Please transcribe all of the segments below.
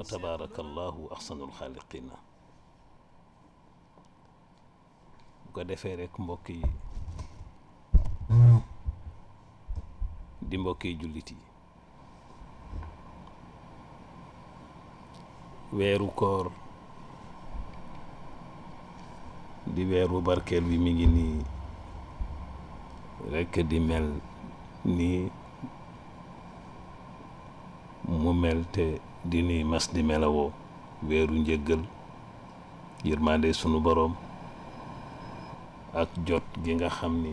فتبارك الله احسن الخالقين بوكو ديفي ريك مبوكي دي مبوكي جوليتي ويرو كور دي ويرو باركيل وي ميغي ني ريك دي ميل ني مو ملتي di nuy mas di melawoo weeru njëggal yërmande sunu boroom ak jot gi nga xam ni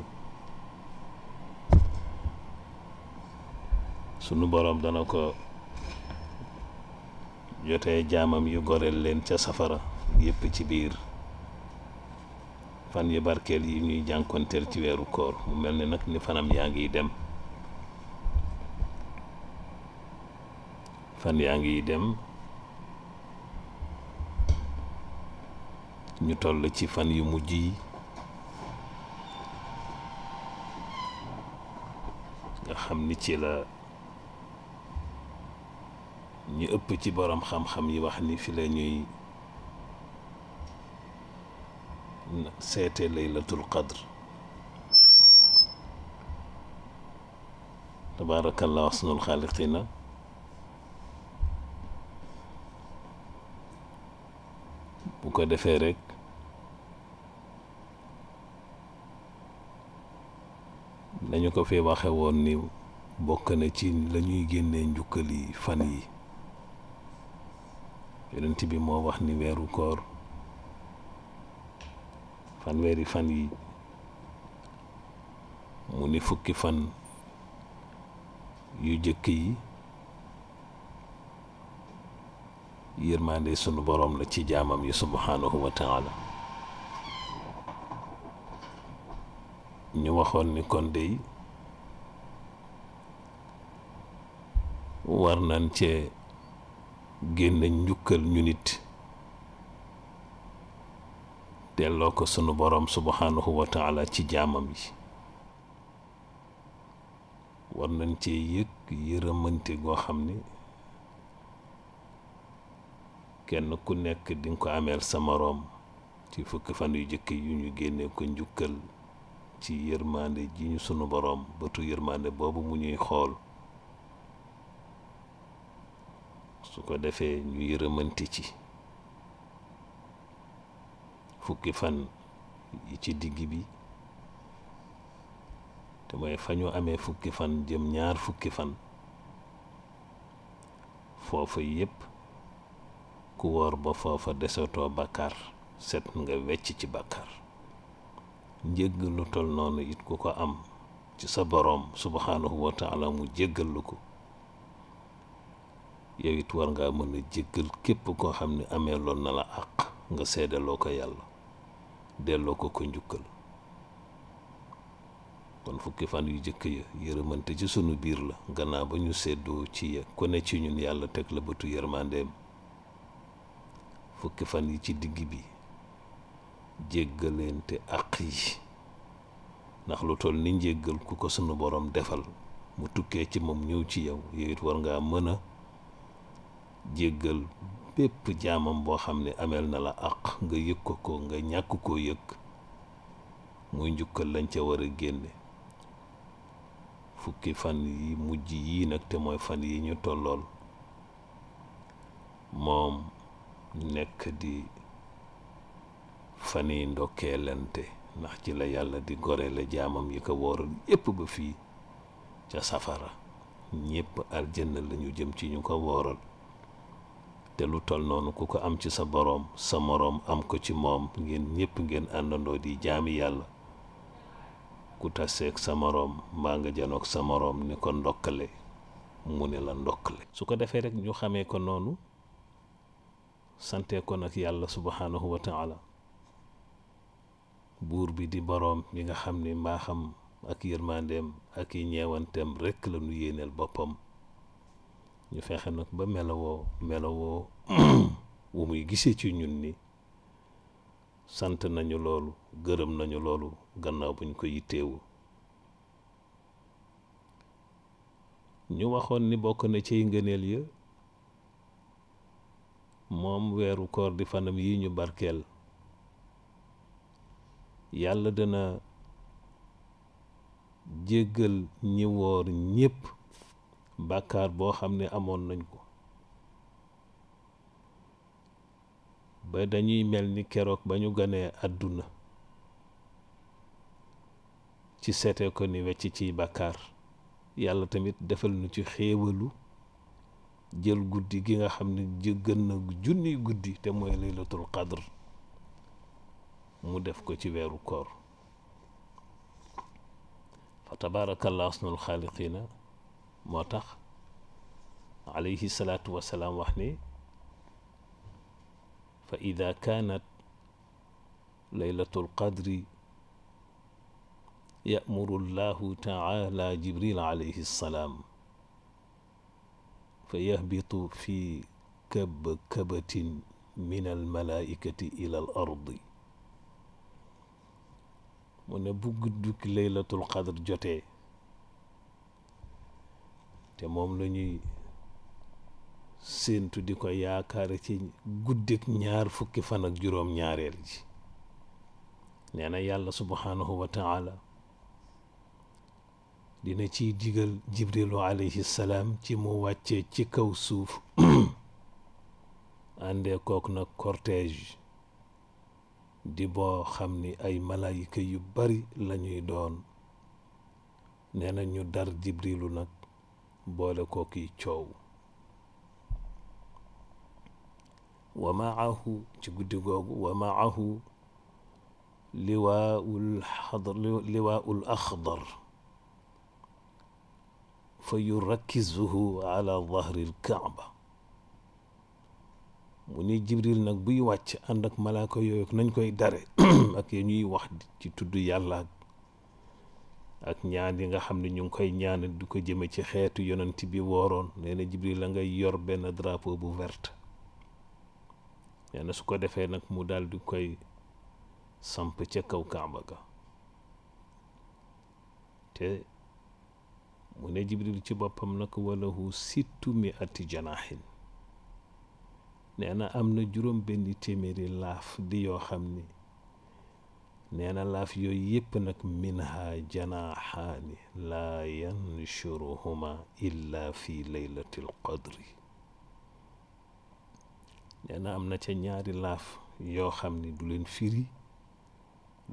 sunu boroom dana ko jotee jaamam yu goreel leen ca safara yépp ci biir fan yu barkeel yi ñuy jànkonteel ci weeru koor mu mel ni nag ni fanam yaa ngi dem fan yaangi dem ñu toll ci fan yu mujjii nga xam ni ci la ñu ëpp ci borom xam-xam yi wax ni fi la ñuy seete laylatul qadr الله ahsanul الخالقين ko defee rek nañu ko fi waxe woon ni bokk na ci lañuy ñuy génnee njukkal yi fan yi yonent bi moo wax ni weeru koor fanweeri fan yi mu ni fukki fan yu jëkk yi yirmande sunu borom la ci jaamam yi subhanahu wa taala ñu waxon ni kon de war nañ ci genn njukkal ñu nit delloo ko sunu borom subhanahu wa taala ci jaamam yi war nañ ci yëg yërëmante goo xam ne kenn ku nekk di ko ameel sa moroom ci fukki fan yu jëkk yu ñu génnee ko njukkal ci yërmande ji ñu sunu boroom bëtu yërmande boobu mu ñuy xool su ko defee ñu yërëmante ci fukki fan yi ci digg bi te mooy fa ñu amee fukki fan jëm ñaar fukki fan foofa yépp ku woor ba foofa desatoo set nga wecc ci bàkkaar njëgg lu tol it ku ko am ci sa boroom subhaanahu wa mu jéggal ko yow mën a jéggal képp koo xam ne amee loon na nga seedaloo ko yàlla delloo ko ko njukkal kon fukki fan yu jëkk ya yërëmante ci sunu biir la gannaaw ba ñu seddoo ci ku ne ci ñun yàlla teg la bëtu yërmandeem fukki fan yi ci digg bi jéggaleente àq yi ndax lu toll ni njéggal ku ko sunu borom defal mu tukkee ci moom ñëw ci yow yow it war ngaa mën a jéggal bépp jaamam boo xam ne ameel na la àq nga yëg ko ko nga ñàkk koo yëg muy njukkal lañ ca war a génne fukki fan yi mujj yii nag te mooy fan yi ñu tollool moom nekk di fan yi ndokkeelante ndax ci la yàlla di gore la jaamam yi ko wooral yépp ba fii ca safara ñépp aljanna la ñu jëm ci ñu ko wooral te lu tol noonu ku ko am ci sa boroom sa moroom am ko ci moom ngeen ñépp ngeen àndandoo di jaami yàlla ku taseeg sa moroom mbaa nga janoog sa moroom ni ko ndokkale mu ne la ndokkale su ko defee rek ñu xamee ko noonu sante ko nag yàlla subhaanahu wa taala buur bi di boroom mi nga xam ni mbaaxam ak yërmandeem ak i ñeewanteem rekk la nu yéeneel boppam ñu fexe nag ba melowoo melowoo wu muy gisee ci ñun ni sant nañu loolu gërëm nañu loolu gannaaw buñ ko yitteewu ñu waxoon ni bokk na ciy ngëneel yi moom weeru koor di fanam yi ñu barkeel yàlla dana jéggal ñi woor ñépp bàkkaar boo xam ne amoon nañ ko ba dañuy mel ni keroog ba ñu ganee àdduna ci seete ko ni wecc ciy bàkkaar yàlla tamit defal nu ci xéewalu جل قدي كي نحمني جعنا جوني قدي تمو ليلة القدر مدف كتي بيرو فتبارك الله أصن الخالقين ماتخ عليه الصلاة والسلام وحني فإذا كانت ليلة القدر يأمر الله تعالى جبريل عليه السلام fa yahbitu fi kabkabatin min almalaikati ila al ardi mu ne bu gudduk laylatul qadr jotee te moom la ñuy séentu di ko yaakaar ci guddik ñaar fukki fan juróom ñaareel ji nee na yàlla subhaanahu wa dina ciy digal jibrilu alayhi salaam ci mu wàccee ci kaw suuf àndee kook nag cortège di boo xam ni ay malaayika yu bari lañuy doon nee na ñu dar jibrilu nag boole kook yi coow wa maahu ci guddi googu wa maahu liwaa'ul xadar liwaa'ul axdar fa yurakkizuhu ala dahril kaaba mu ni jibril nag buy wàcc ànd ak malaaka yooyu nañ koy dare ak ya ñuy wax ci tudd yàlla ak ñaan yi nga xam ne ñu ngi koy ñaan du ko jëme ci xeetu yonent bi wooroon nee na jibril la ngay yor benn drapeau bu vert nee su ko defee nag mu daal di koy samp ca kaw kaaba ga te mu ne jibril ci boppam nag walahu sittu mi ati janaaxin nee am na juróom benn téeméeri laaf di yoo xam ni neena laaf yooyu yépp nag minha janaaxaani laa yanshuruhuma fi laylatil qadri am na ca ñaari laaf yoo xam ni du leen firi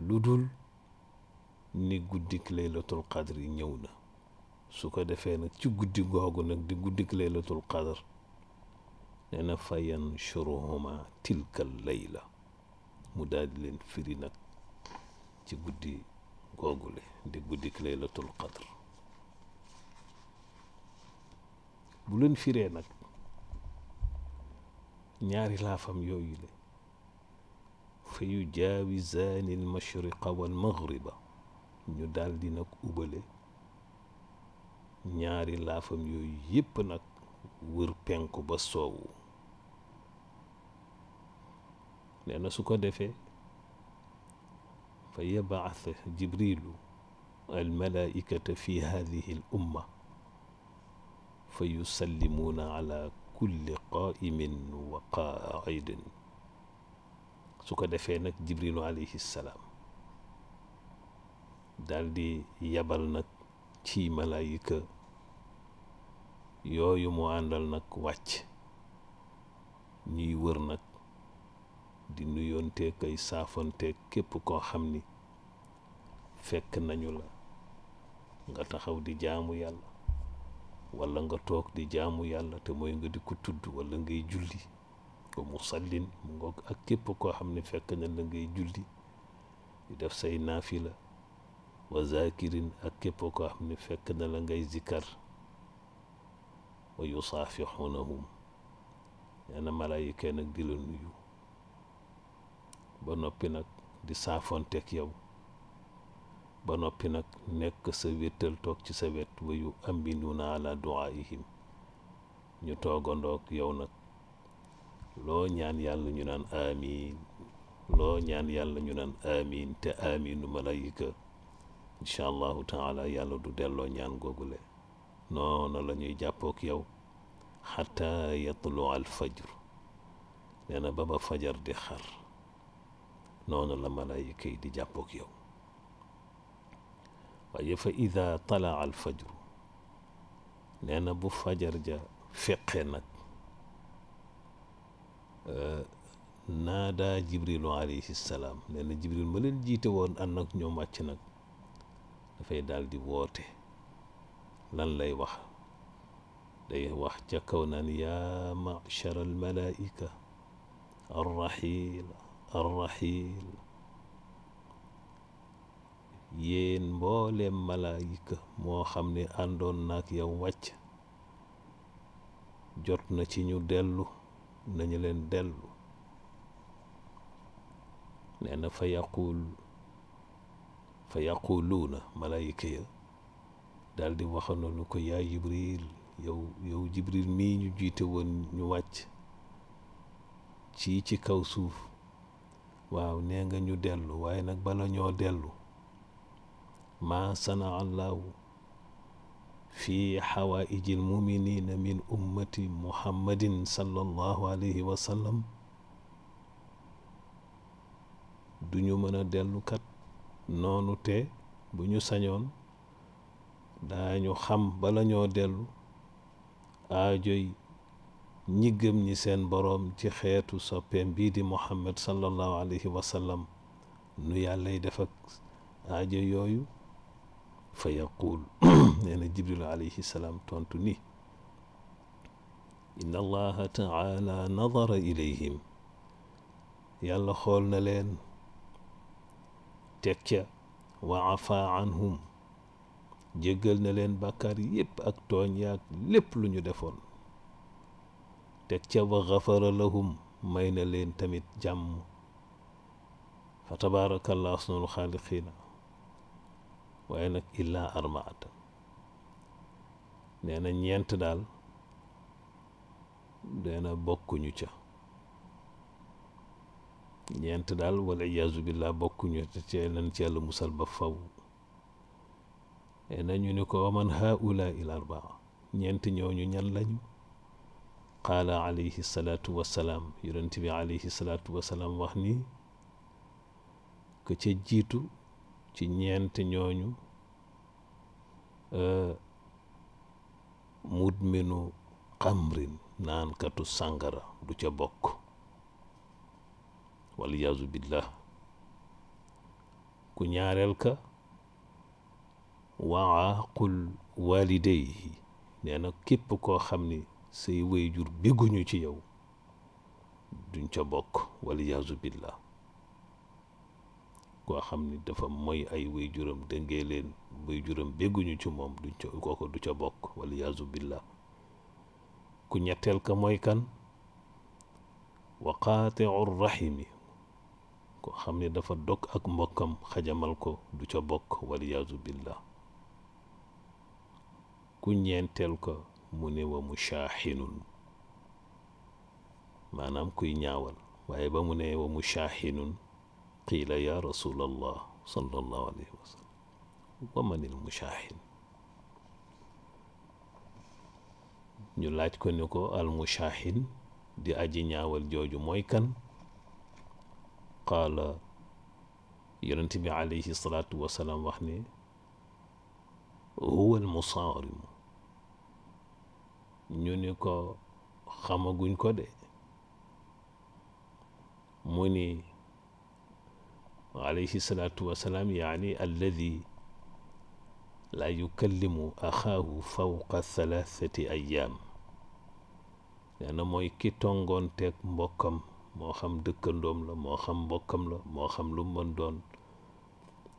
lu dul ni guddik laylatul qadri ñëw na su ko defee nag ci guddi googu nag di guddik laylatul qadar nee na fa yanshuruhuma tilkal layla mu daldi leen firi nag ci guddi googule di guddik laylatul qadar bu leen firee nag ñaari laafam yooyu le fa yu jaawisaani al mashriqa wal maghriba ñu daldi di nag ubale ñaari lafam yoy yep nak wër penku ba soow nee su ko defé fa yab'ath jibril al malaikata fi hadhihi al umma fa yusallimuuna ala kulli qaimin wa qaaidin su ko defee nag jibrilu alayhi salaam daal yabal nag ci malaayika yooyu mu àndal nag wàcc ñuy wër nag di nuyoonteeg ay saafanteek képp koo xam ni fekk nañu la nga taxaw di jaamu yàlla wala nga toog di jaamu yàlla te mooy nga di ko tudd walla ngay julli ko sallin mu ngoog ak képp koo xam ne fekk na la ngay julli di def say naafila wa zakirin ak képp koo xam ne fekk na la ngay zikkar wa yusaafixuunahum nee na malaayika nag di la nuyu ba noppi nag di saafonteeg yow ba noppi nag nekk sa wéttal toog ci sa wet wa yu ambinuuna ala duaihim ñu toogandoog yow nag loo ñaan yàlla ñu naan amiin loo ñaan yàlla ñu naan amiin te amiinu malaayika incha allahu taala yàlla du delloo ñaan googule noonu la ñuy jàppook yow xata yatlu al fajr nee na ba ba fajar di xar noonu la malaayika yi di jàppook yow waaye fa ida tala al fajr nee na bu fajar ja feqe nag naadaa jibrilu alayhi salaam nee na jibril ma leen jiite woon ànd ak ñoom wàcc nag dafay daal di woote لن لي وح لي وح جكونا يا معشر الملائكة الرحيل الرحيل يين بولي ملائكة مو خمني أندون ناك يا وچ جوتنا چينيو دلو ننجلين دلو لأن فيقول فيقولون ملائكة يا daldi di waxoon nu ko yaa jibril yow yow jibril ñu jiite woon ñu wàcc ci ci kaw suuf waaw nee nga ñu dellu waaye nag bala ñoo dellu maa sanaa allahu fi xawaaijil muminina min ummati muhammadin sallallahu alayhi wa du ñu mën a dellu kat noonu te bu ñu sañoon daañu xam balañoo ñoo dellu aajoy ñi gëm ñi seen boroom ci xeetu soppeem bii di muhammad sallallahu alayhi wa nu yàllay def ak aajo yooyu fa yaquul nee na jibril alayhi salaam tontu ni inna allaha taala nadara ilayhim yàlla xool na leen teg wa afa anhum jéggal na leen bàkkaar yépp ak tooñ yaag lépp lu ñu defoon te ca wa xafara lahum may na leen tamit jàmm fa tabaarakallah asnul xaaliqiina waaye nag illaa arbaata nee na ñeent daal nee na bokkuñu ca ñeent daal wala iyaazu billah bokkuñu te cee nañ ci musal ba faw nee na ñu ni ko waman haula il arbaa ñeent ñooñu ñan lañu qaala alayhi salaatu wassalaam yonent bi alayhi salaatu wassalaam wax ni ko ca jiitu ci ñeent ñooñu e, mudminu xamrin naankatu sàngara du ca bokk waliyaazu billah ku ñaareel ka waaqul walidayhi nee na képp koo xam ni say wayjur bégguñu ci yow duñ ca bokk waliyaazu billah koo xam ni dafa moy ay wayjuram dëngee leen wayjuram bégguñu ci moom duñ ca kooku du ca bokk waliyaazu billah ku ñetteel ka mooy kan wa qaatiu rahimi koo xam ni dafa dog ak mbokkam xajamal ko du ca bokk waliyaazu billah ku ñeenteel ko mu ne wa mushaahinun maanaam kuy ñaawal waaye ba mu ne wa mushaahinun qiila ya rasul allah sallallahu alayhi wa sallam wa manil mushaahin ñu laaj ko ni ko al mushaahin di aji ñaawal jooju mooy kan qaala yonent bi alayhi salaatu wasalaam wax ne huwa al musaarimu ñu ni ko xamaguñ ko de mu ni alayhi salaatu wasalaam yaani alladi laa yukallimu axaahu fawqa thalathati ayaam nee na mooy ki tongoonteeg mbokkam moo xam dëkkandoom la moo xam mbokkam la moo xam lu mën doon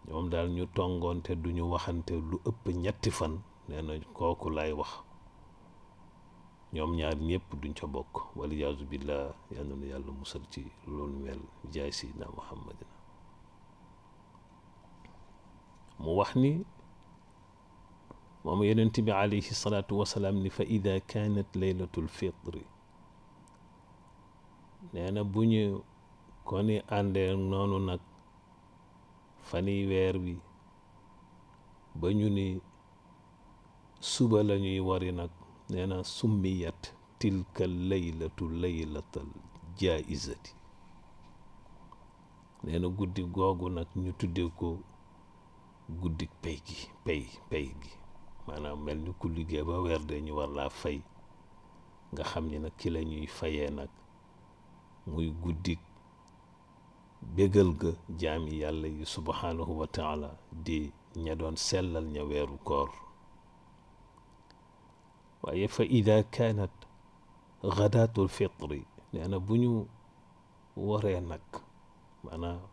ñoom daal ñu tongoonte duñu waxante lu ëpp ñetti fan nee na kooku laay wax ñoom ñaar ñëpp duñ ca bokk waliyaasu billah yal na yàlla musal ci loolu wel jaay sidna muhammad mu wax ni moom yonent bi alayhi salaatu wasalaam ni fa ida kanat laylatul fitri nee na bu ñu ko ni àndee noonu nag fani weer wi ba ñu ni suba la ñuy wari nag neena na summiyat tilka laylatu laylatal jaaizati neena na guddi googu nag ñu tuddee ko guddik pay gi pay pay gi maanaam mel ni ku liggéey ba weer de ñu war laa fay nga xam ni nag ki la ñuy fayee nag muy guddik bégal ga jaami yàlla yi subhaanahu wa di ña doon sellal ña weeru koor وهي فإذا كانت غداة الفطر لأن بنيو ورينك أنا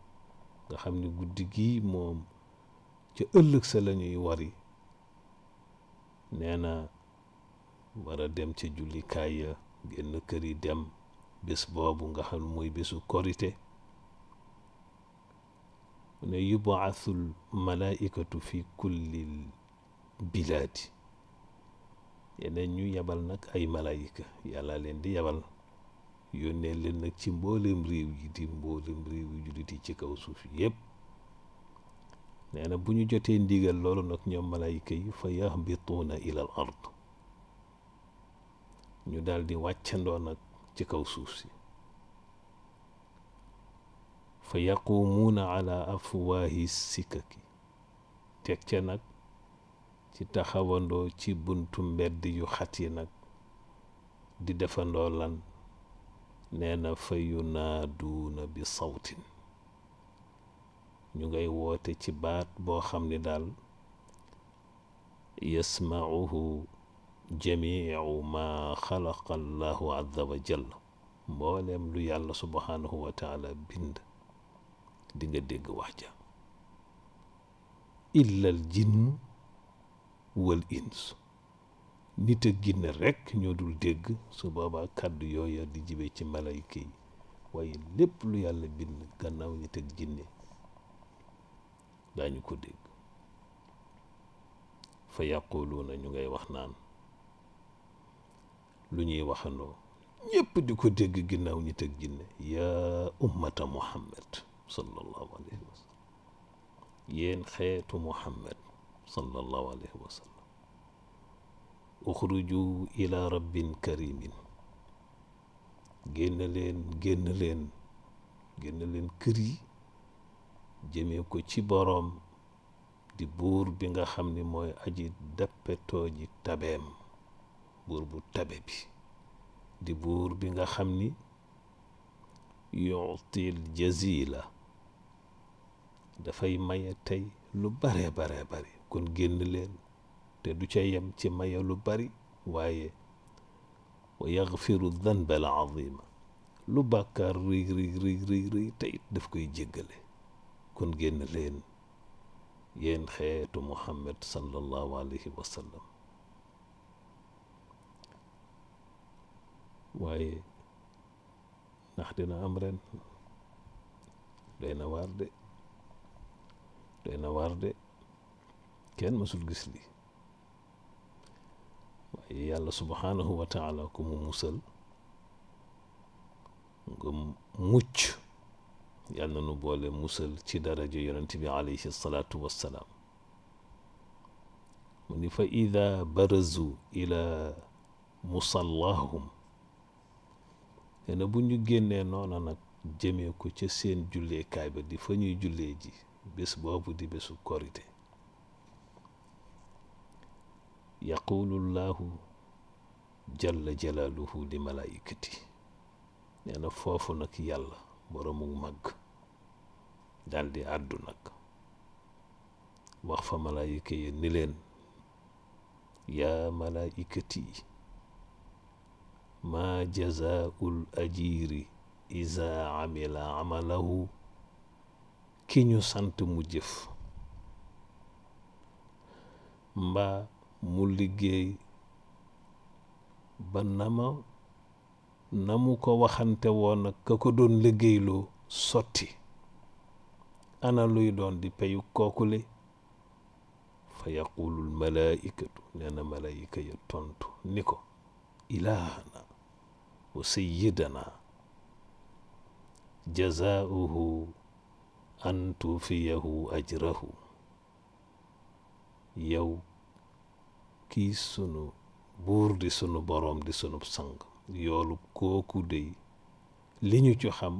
خمني قدقي موم جألك سلني أنا نانا ورا دم تجولي كايا جن كري دم بس بابو نغحل موي بسو كوريتي ونه الملائكة في كل البلاد yeneen ñu yebal nag ay malaayika yàlla leen di yebal yónnee leen nag ci mboolem ci kaw suuf yépp nee na bu ñu jotee ndigal loolu nag ñoom malaayika yi fa yahbituuna ilal ard ñu daldi di wàccandoo nag ci kaw suuf si fa yaqumuuna ala afwaahi sikkaki teg ca nag ci taxawandoo ci buntu mbedd yu xat yi nag di defandoo lan nee na fa yunaaduuna bi sawtin ñu ngay woote ci baat boo xam ni daal yasmauhu jamiu maa xalaqa allahu azza wa mboolem lu yàlla subhanahu wa bind di dégg wax ja illa al wal ins nit ak ginne rekk ñoo dul dégg su boobaa kàddu yooya di jibe ci malayka yi waaye lépp lu yàlla bind gannaaw nit ak jinne daañu ko dégg fa yaquluuna ñu ngay wax naan lu ñuy waxandoo ñépp di ko dégg ginnaaw nit ak jinne yaa ummata muhammad sallallahu alayhi wa sallam xeetu muhammad sallallahu alayhi wa sallam uxruju ila rabbin karimin génn leen génn leen génn leen kër yi jëmee ko ci boroom di buur bi nga xam ni mooy aji dappetoo ji tabeem buur bu tabe bi di buur bi nga xam ni yutil jazila dafay maye tey lu bare baree bari kon génn leen te du ca yem ci maye lu bari waaye wa yaxfiru danba al azima lu bàkkaar rëy rëy rëy rëy rëy te it daf koy jéggale kon génn leen yéen xeetu muhammad sallallahu alayhi wa sallam waaye ndax dina am ren doy waar de doy na waar de kenn mësul gis li waaye yàlla subhaanahu wa taala ku mu musal nga mucc yàlla na nu boole musal ci daraja yonent bi alayhi salaatu wassalaam mu ni fa ida barazu ila musallahum nee na bu ñu génnee noona nag jëmee ko ca seen julleekaay ba di fa ñuy jullee ji bes boobu di besu korite yaqulu llahu jalla jalaluhu li malaikati neena foofu nag yàlla boromu mag dal di addu nag wax fa malaika ya ni leen yaa malaikati ma jazaul ajiri iza amila amalahu ki ñu sant mu jëf mbaa mu liggéey ba nama namu ko waxante woon ka ko doon liggéeyloo sotti ana luy doon di payu kookule fa yaqulul malaikatu nee na malaayika ya tontu ni ko ilaahana wa sayyidana jazaauhu an tuufiyahu ajrahu yow kii sunu buur di sunu boroom di sunu sang yoolu kooku dey li ñu ci xam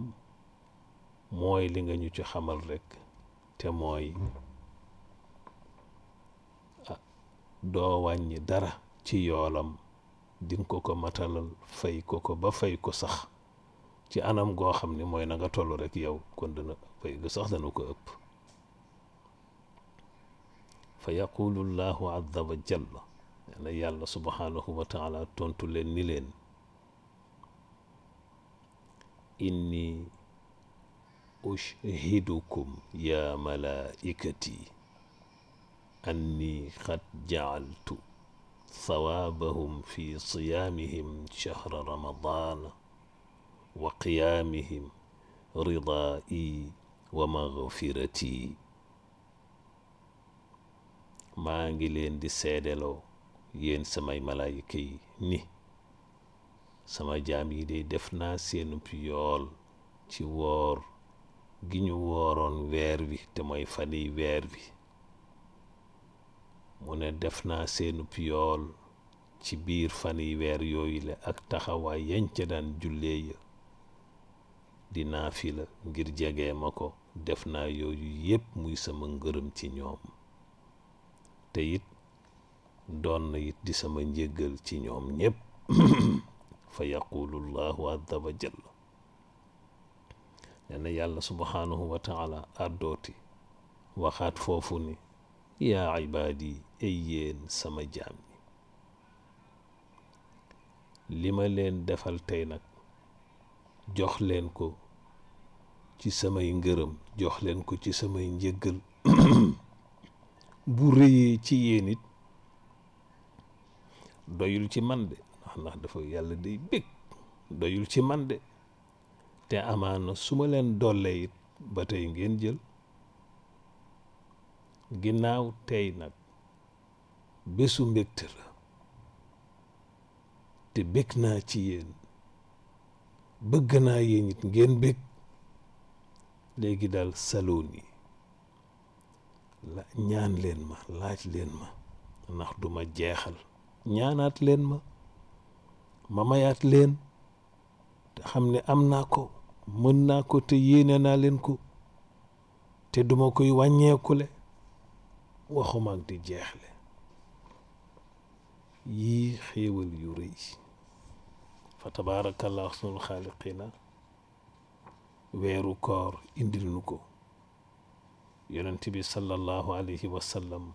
mooy li nga ñu ci xamal rekk te mooy ah, doo wàññi dara ci yoolam dinga ko ko matalal fay ko ko ba fay ko sax ci anam goo xam ni mooy na nga toll rekk yow kon dana طيب av den ikke فيقول الله عز وجل يعني يالله سبحانه وتعالى تونتو لين نيلين إني أشهدكم يا ملائكتي أني قد جعلت ثوابهم في صيامهم شهر رمضان وقيامهم رضائي wa maghfirati maa ngi leen di seedeloo yéen samay malaayika yi ni sama jaam yi de def naa seenub yool ci woor gi ñu wooroon weer wi te mooy fani weer wi mu ne def naa seenub yool ci biir fani weer yooyu la ak taxawaay yañ ca daan jullee ya dinaa fi la ngir jege ma ko def naa yooyu yépp muy sama ngërëm ci ñoom te it doon na it di sama njéggal ci ñoom ñépp fa yaqulu llahu azza wa jalla nee na yàlla subhaanahu wa taala àddooti waxaat foofu ni yaa ibaadi ay yéen sama jaam ñi li ma leen defal tey nag jox leen ko ci samay ngërëm jox leen ko ci samay njëggal bu rëyee ci yéen it doyul ci man de ndax dafa yàlla day bég doyul ci man de te amaana su ma leen dollee it ba tey ngeen jël ginnaaw tey nag bésu mbégte la te bég naa ci yéen bëgg naa yéen it ngeen bég léegi daal saloon yi la ñaan leen ma laaj leen ma ndax duma jeexal ñaanaat leen ma ma mayaat leen te xam ne am naa ko mën naa ko te yéene na leen ko te duma koy wàññeekule waxuma ak di jeexle yii xéewal yu rëy fa tabaarakallah ahsanul xaaliqiina weeru koor indil nu ko yonent bi sallallahu alayhi wa sallam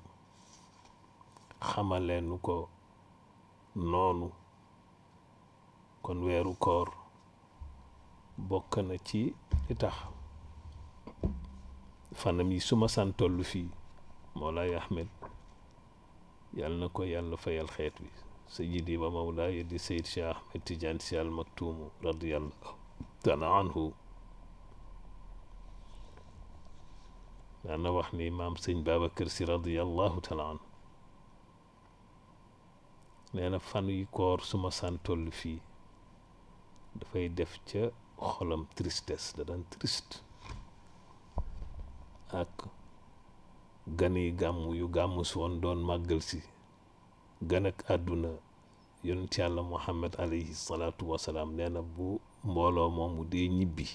xamalee ko noonu kon weeru koor bokk na ci itax tax mi yi suma santollu fii Moolaay Ahmed yàlla na ko yàlla fayal xeet bi sayidi wa mawlaaya di Seyid Cheikh Ahmed Tidiane Sy Al Maktuum radiyallahu anhu daan na wax ni maam sëñ Babacar si radiallahu taala anhu nee na fan yu koor suma santoll fii dafay def ca xolam tristesse da daan triste ak gan gàmmu yu gàmmu si woon doon màggal si gan ak àdduna yonent yàlla muhammad alayhi salaatu wasalaam nee bu mbooloo moomu dee ñibbi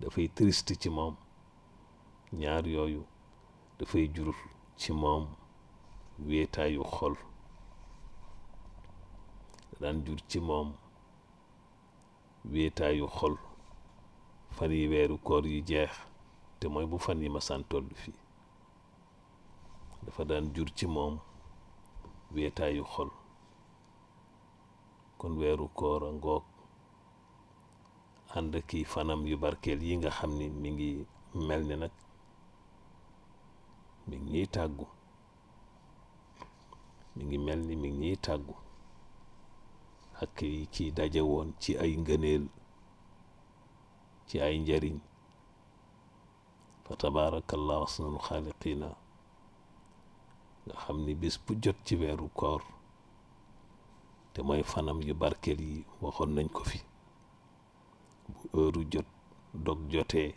dafay triste ci moom ñaar yooyu dafay jur ci moom wéetaayu xol daan jur ci moom wéetaayu xol fan yi weeru koor yi jeex te mooy bu fan yi ma santoll fii dafa daan jur ci moom wéetaayu xol kon weeru koor a ngoog ànd kii fanam yu barkeel yi nga xam ni mi ngi mel ni nag mi ngi tàggu mi ngi mel ni mi ngi ñuy tàggu ak yi ci daje woon ci ay ngëneel ci ay njariñ fa tabaarakallahu ahsanul xaaliqina nga xam ni bis bu jot ci weeru koor te mooy fanam yu barkeel yi waxoon nañ ko fi bu heure jot dog jotee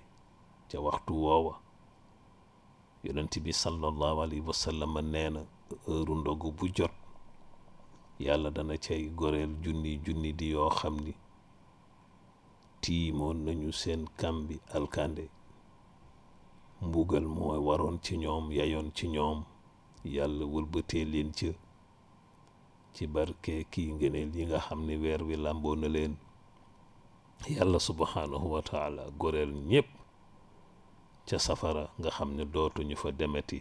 ca waxtu woowa yonent bi sallallahu alayhi wa sallam nee na heure ndogu bu jot yàlla dana cay goreel junni junni di yoo xam ni tiimoon nañu seen kàmbi alkande mbugal mooy waroon ci ñoom ci ñoom yàlla wëlbatee leen ca ci barke kii ngëneel yi nga xam ni weer wi làmboo na leen yàlla subhanahu wa taala goreel ñépp ca safara nga xam ne dootuñu fa demeti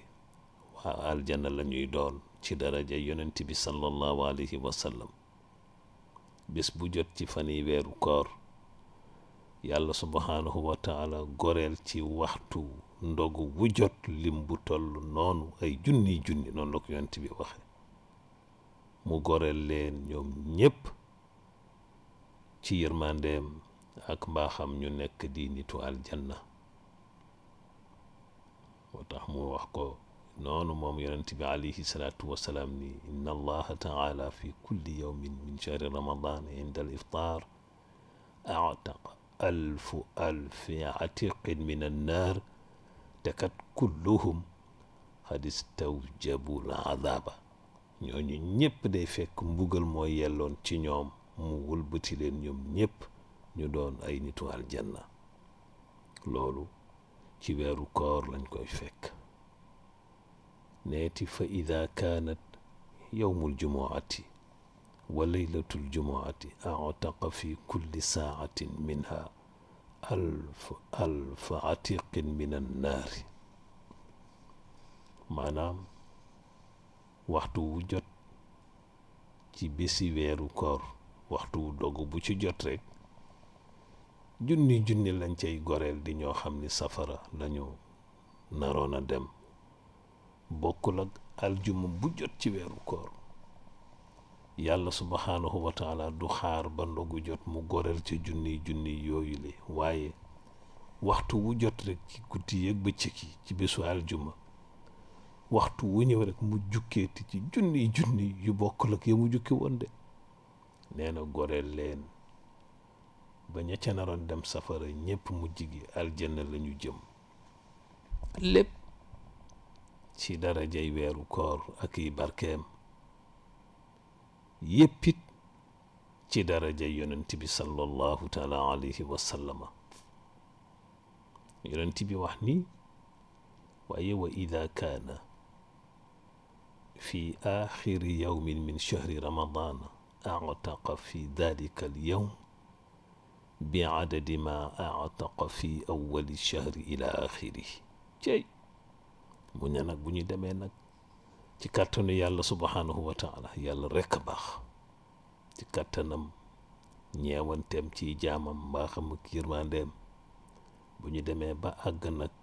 waa aljanna la ñuy doon ci daraja yonent bi sallallahu alayhi wa bés bu jot ci fan yi weeru koor yàlla subhaanahu wa taala goreel ci waxtu ndogu bu lim bu toll noonu ay junni junni noonu la yonent bi waxe mu goreel leen ñoom ñépp ci yërmandeem ak mbaaxam ñu nekk di nitu aljanna وتحمو وحكو نون موم يونتي بي عليه الصلاه والسلام ني ان الله تعالى في كل يوم من شهر رمضان عند الافطار اعتق الف الف عتيق من النار تكت كلهم قد استوجبوا العذاب نيوني نيب دي فك مبوغل مو يالون تي نيوم مو ولبتي لين نيوم نيب ني دون اي نيتو الجنه لولو ci weeru koor lañ koy fekk neeti fa ida kaanat yowmul jumuati wa laylatul jumuati ataqa fi kulli saatin minha alf alfa atiqin min annaari maanaam waxtu wu jot ci bési weeru koor waxtu wu dogg bu ci jot rek junni junni lañ cay goreel di ñoo xam ni safara lañu naroon a dem bokkul ak aljuma bu jot ci weeru koor yàlla subhaanahu wa du xaar ba ndogu jot mu goreel ci junni junni yooyu le waaye waxtu wu jot rek ci guddi yeeg bëccëg yi ci bésu aljuma waxtu wu ñëw rek mu jukkeeti ci junni junni yu bokkul ak ya mu jukki woon de nee na goreel leen ba ña ca naroon dem safara ñépp mujj gi aljanna la ñu jëm lépp ci darajay weeru koor ak i barkeem yéppit ci darajay yonent bi sallallahu taala alayhi wa sallama yonent bi wax ni waaye wa ida kaana fi axiri yawmin min shahri ramadan actaqa fi dalika al yawm bi adadi ma ataqa fi awali chahri ila axiri cey nag bu ñu demee nag ci kattanu yàlla subhanahu wa taala yàlla rekk baax ci kàttanam ñeewanteem ci jaamam mbaaxam ak yërmandeem bu ñu demee ba àgg nag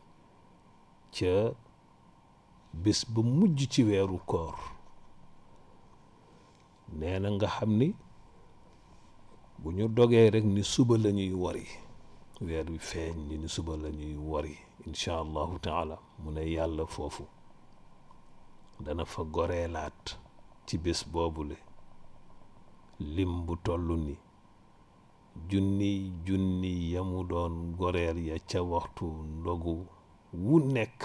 ca bu mujj ci weeru koor nee nga xam ni bu ñu dogee rek ni suba la ñuy wari weer wi feeñ ñu ni suba la ñuy wari insha allahu taala mu ne yàlla foofu dana fa goreelaat ci bés boobule lim bu toll ni junni junni yamu doon goreer ya ca waxtu ndogu wu nekk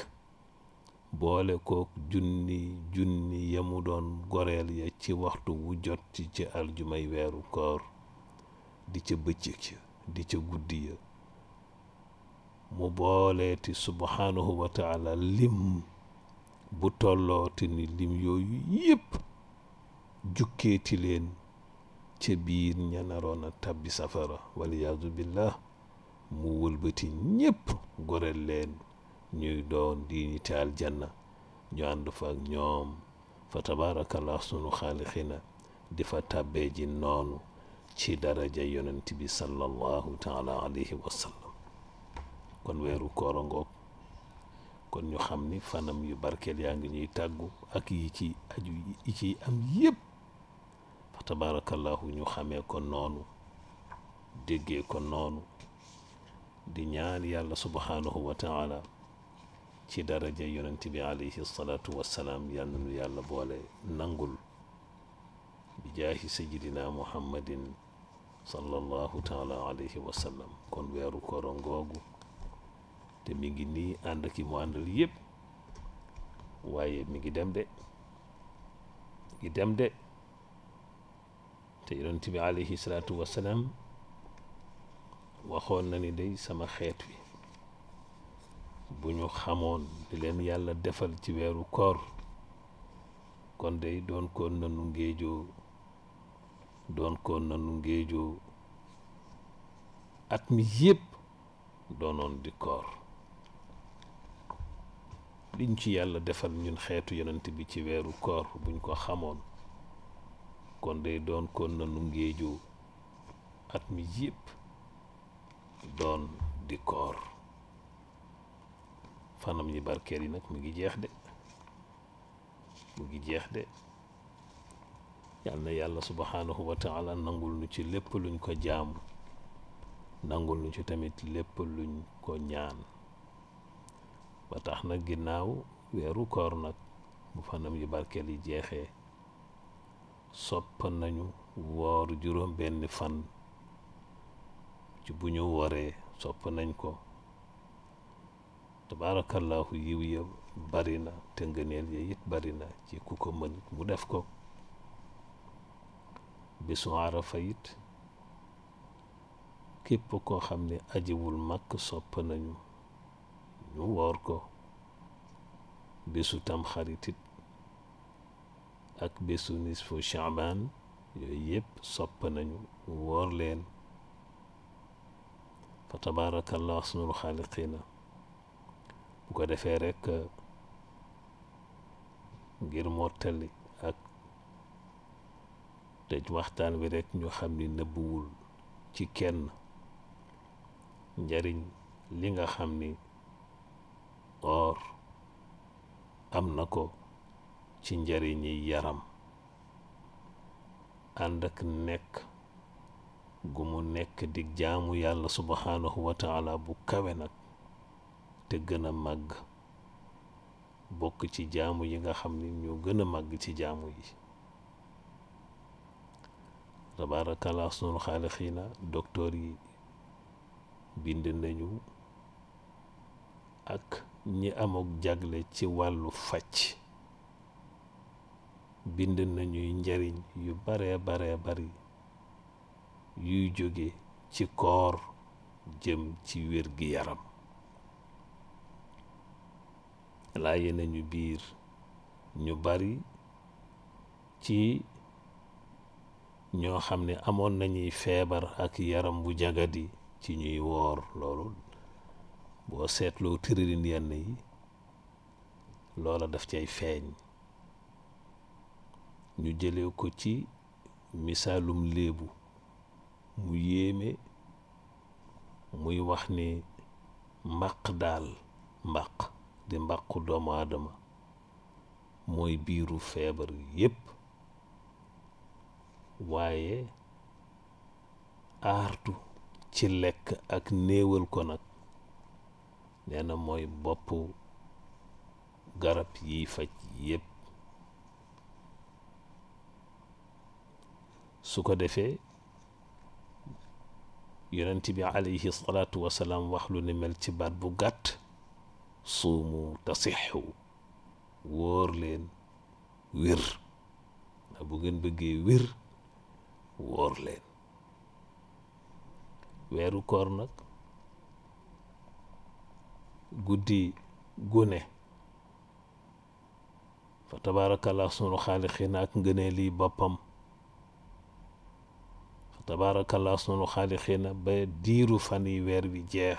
boole koog junni junni yamu doon goreel ya ci waxtu wu jot ci ci aljumay weeru koor di ca bëccëg ya di ca guddi ya mu booleeti subhaanahu wa taala lim bu tollooti ni lim yooyu yëpp jukkeeti leen ca biir ña naroon a tabbi safara waliyaadu billah mu wëlbati ñépp goreel leen ñuy doon diini te aljanna ñu ànd fa ak ñoom fa tabaarakallah sunu xaalixiina di fa tabbee ji noonu ci daraja yonent bi sallallahu taala alayhi wa kon weeru koor kon ñu xam ni fanam yu barkeel yaa ngi ñuy tàggu ak yi ci aju yi ci am yëpp fa tabaarakallahu ñu xamee kon noonu déggee kon noonu di ñaan yàlla subhaanahu wa taala ci daraja yonent bi alayhi salaatu wassalaam yal na nu yàlla boole nangul bi jaahi sayidina muhammadin sallallahu taala alayhi wa kon weeru koor ngoogu te mi ngi nii ànd ki mu àndal yëpp waaye mi ngi dem de mi ngi dem de te yonent bi alayhi salaatu wa waxoon na ni day sama xeet wi bu ñu xamoon di leen yàlla defal ci weeru kor kon day doon ko nanu ngéejoo doon ko nanu ngéejoo at mi yëpp doonoon di koor liñ ci yàlla defal ñun xeetu yonent bi ci weeru koor buñ ko xamoon kon day doon ko nanu ngéejoo at mi yëpp doon di koor fanam yi barkeel yi nag mu ngi jeex de mu ngi jeex de yal na yàlla subhaanahu wa taala nangul nu ci lépp luñ ko jaamu nangul nu ci tamit lépp luñ ko ñaan ba tax na ginnaaw weeru koor nag bu fanam yu barkeel yi jeexee sopp nañu woor juróom benn fan ci bu ñu woree sopp nañ ko tabaarakallaahu yiw ya bari na te ngëneel ya it bari na ci ku ko mën mu def ko bisu arafa képp koo xam ne ajiwul mak sopp nañu ñu woor ko bisu tamxarit it ak bisu nisfu chaabaan yooyu yëpp sopp nañu woor leen fa tabaarakallah asnul xaaliqina bu ko defee rekk ngir mottali ak daj waxtaan wi rekk ñu xam ni nëbbuwul ci kenn njariñ li nga xam ni or am na ko ci njariñi yaram ànd ak nekk gu mu nekk di jaamu yàlla subhaanahu wa bu kawe nag te gën a màgg bokk ci jaamu yi nga xam ni ñoo gën a màgg ci jaamu yi tabaarakallaa ahsanul xaaliqiina docteur yi bind nañu ak ñi amok jagle ci wàllu faj bind nañuy njariñ yu baree baree bari yuy jóge ci koor jëm ci wér gi yaram laaye nañu biir ñu bari ci ñoo xam ni amoon nañuy feebar ak yaram bu jagadi ci ñuy woor loolu boo seetloo tëririn yenn yi loola daf cay feeñ ñu jële ko ci misaalum léebu mu yéeme muy wax ni mbaq daal mbaq di mbaqu doomu aadama mooy biiru feebar yépp waaye aartu ci lekk ak néewal ko nag nee mooy boppu garab yiy faj yépp su ko defee yonent bi alayhi salaatu wasalaam wax lu ni mel ci baat bu gàtt suumu tasixu wóor leen wir bu ngeen bëggee wir wóor weeru koor nag guddi gune fa tabaarakallah sunu xaalixi naak ngënee lii boppam fa tabaarakallah sunu xaalixi na ba diiru fan yi weer wi jeex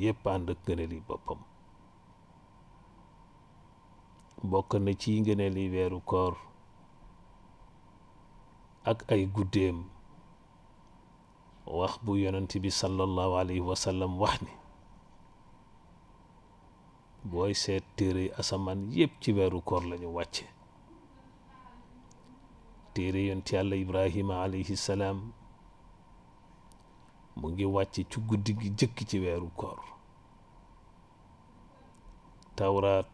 yépp ànd ak ngënee lii boppam bokk na ci ngënee lii weeru koor ak ay guddeem wax bu yonent bi sallallahu alayhi wa sallam wax ni booy seet téere asamaan yépp ci weeru koor lañu wàcce téere yonent yàlla ibrahima alayhi salaam mu ngi wàcce ci guddi gi jëkk ci weeru koor tawraat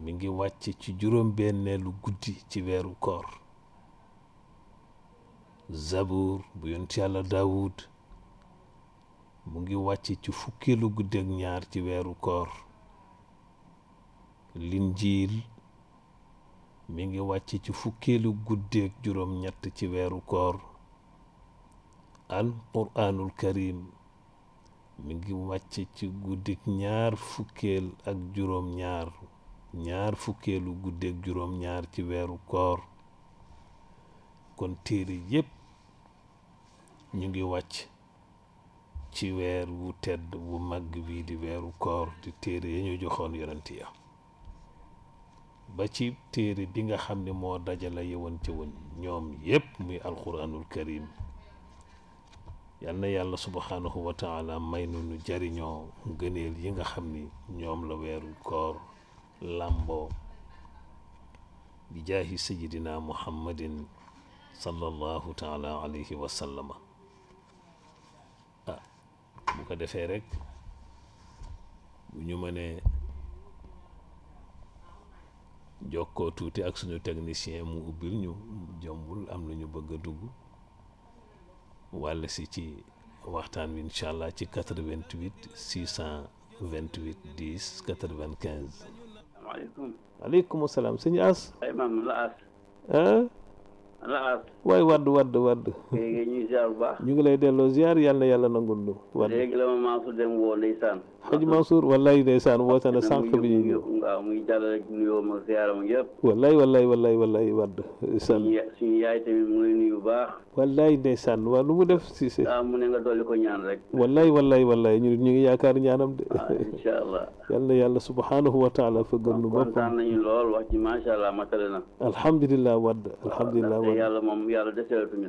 mu ngi wàcce ci juróom benneelu guddi ci weeru koor zabur bu yonent yàlla daawud mu ngi wàcc ci fukkeelu guddeeg ñaar ci weeru koor linjiil mi ngi wàcc ci fukkeelu guddeeg juróom ñett ci weeru koor al quraanul karim mi ngi wàcc ci guddik ñaar ak juróom ñaar ñaar fukkeelu guddeeg juróom ñaar ci weeru koor kon téere yépp ñu ngi wàcc ci weer wu tedd wu màgg bii di weeru koor di téere ya ñu joxoon yonent ya ba ci téere bi nga xam ni moo dajala yewante woon ñoom yépp muy alquranul karim yal na yàlla subhaanahu wa taala may nu jariñoo ngëneel yi nga xam ni ñoom la weeru koor làmboo bi jaahi sayidina muhammadin sallallahu taala alayhi wa sallama bu ko defee rek bu ñu mënee jokkoo tuuti ak suñu technicien mu ubbil ñu jombul am na ñu bëgg a dugg wàll si ci waxtaan wi incha allah ci 88 628 10 95. waaleykum salaam sëñ As. la As. waay wadd wadd wadd ñu ngi lay delloo ziar yàlla yàlla nangul lu wadd léegi la ma Mansour dem woo ndeysaan حج منصور والله ديسان واتنا سانك بيجي والله والله والله والله ورد سن سنياي تمي مولني وباخ والله ديسان والله مو دف سي سي امون nga dolli ko ñaan rek والله والله والله ñu ñi yaakar ñaanam de ان شاء الله يلا يلا سبحانه وتعالى فغل نو بوك وانا ني لول واخ ما شاء الله ما تلنا الحمد لله ورد الحمد لله ورد يلا موم يلا دسيو تمي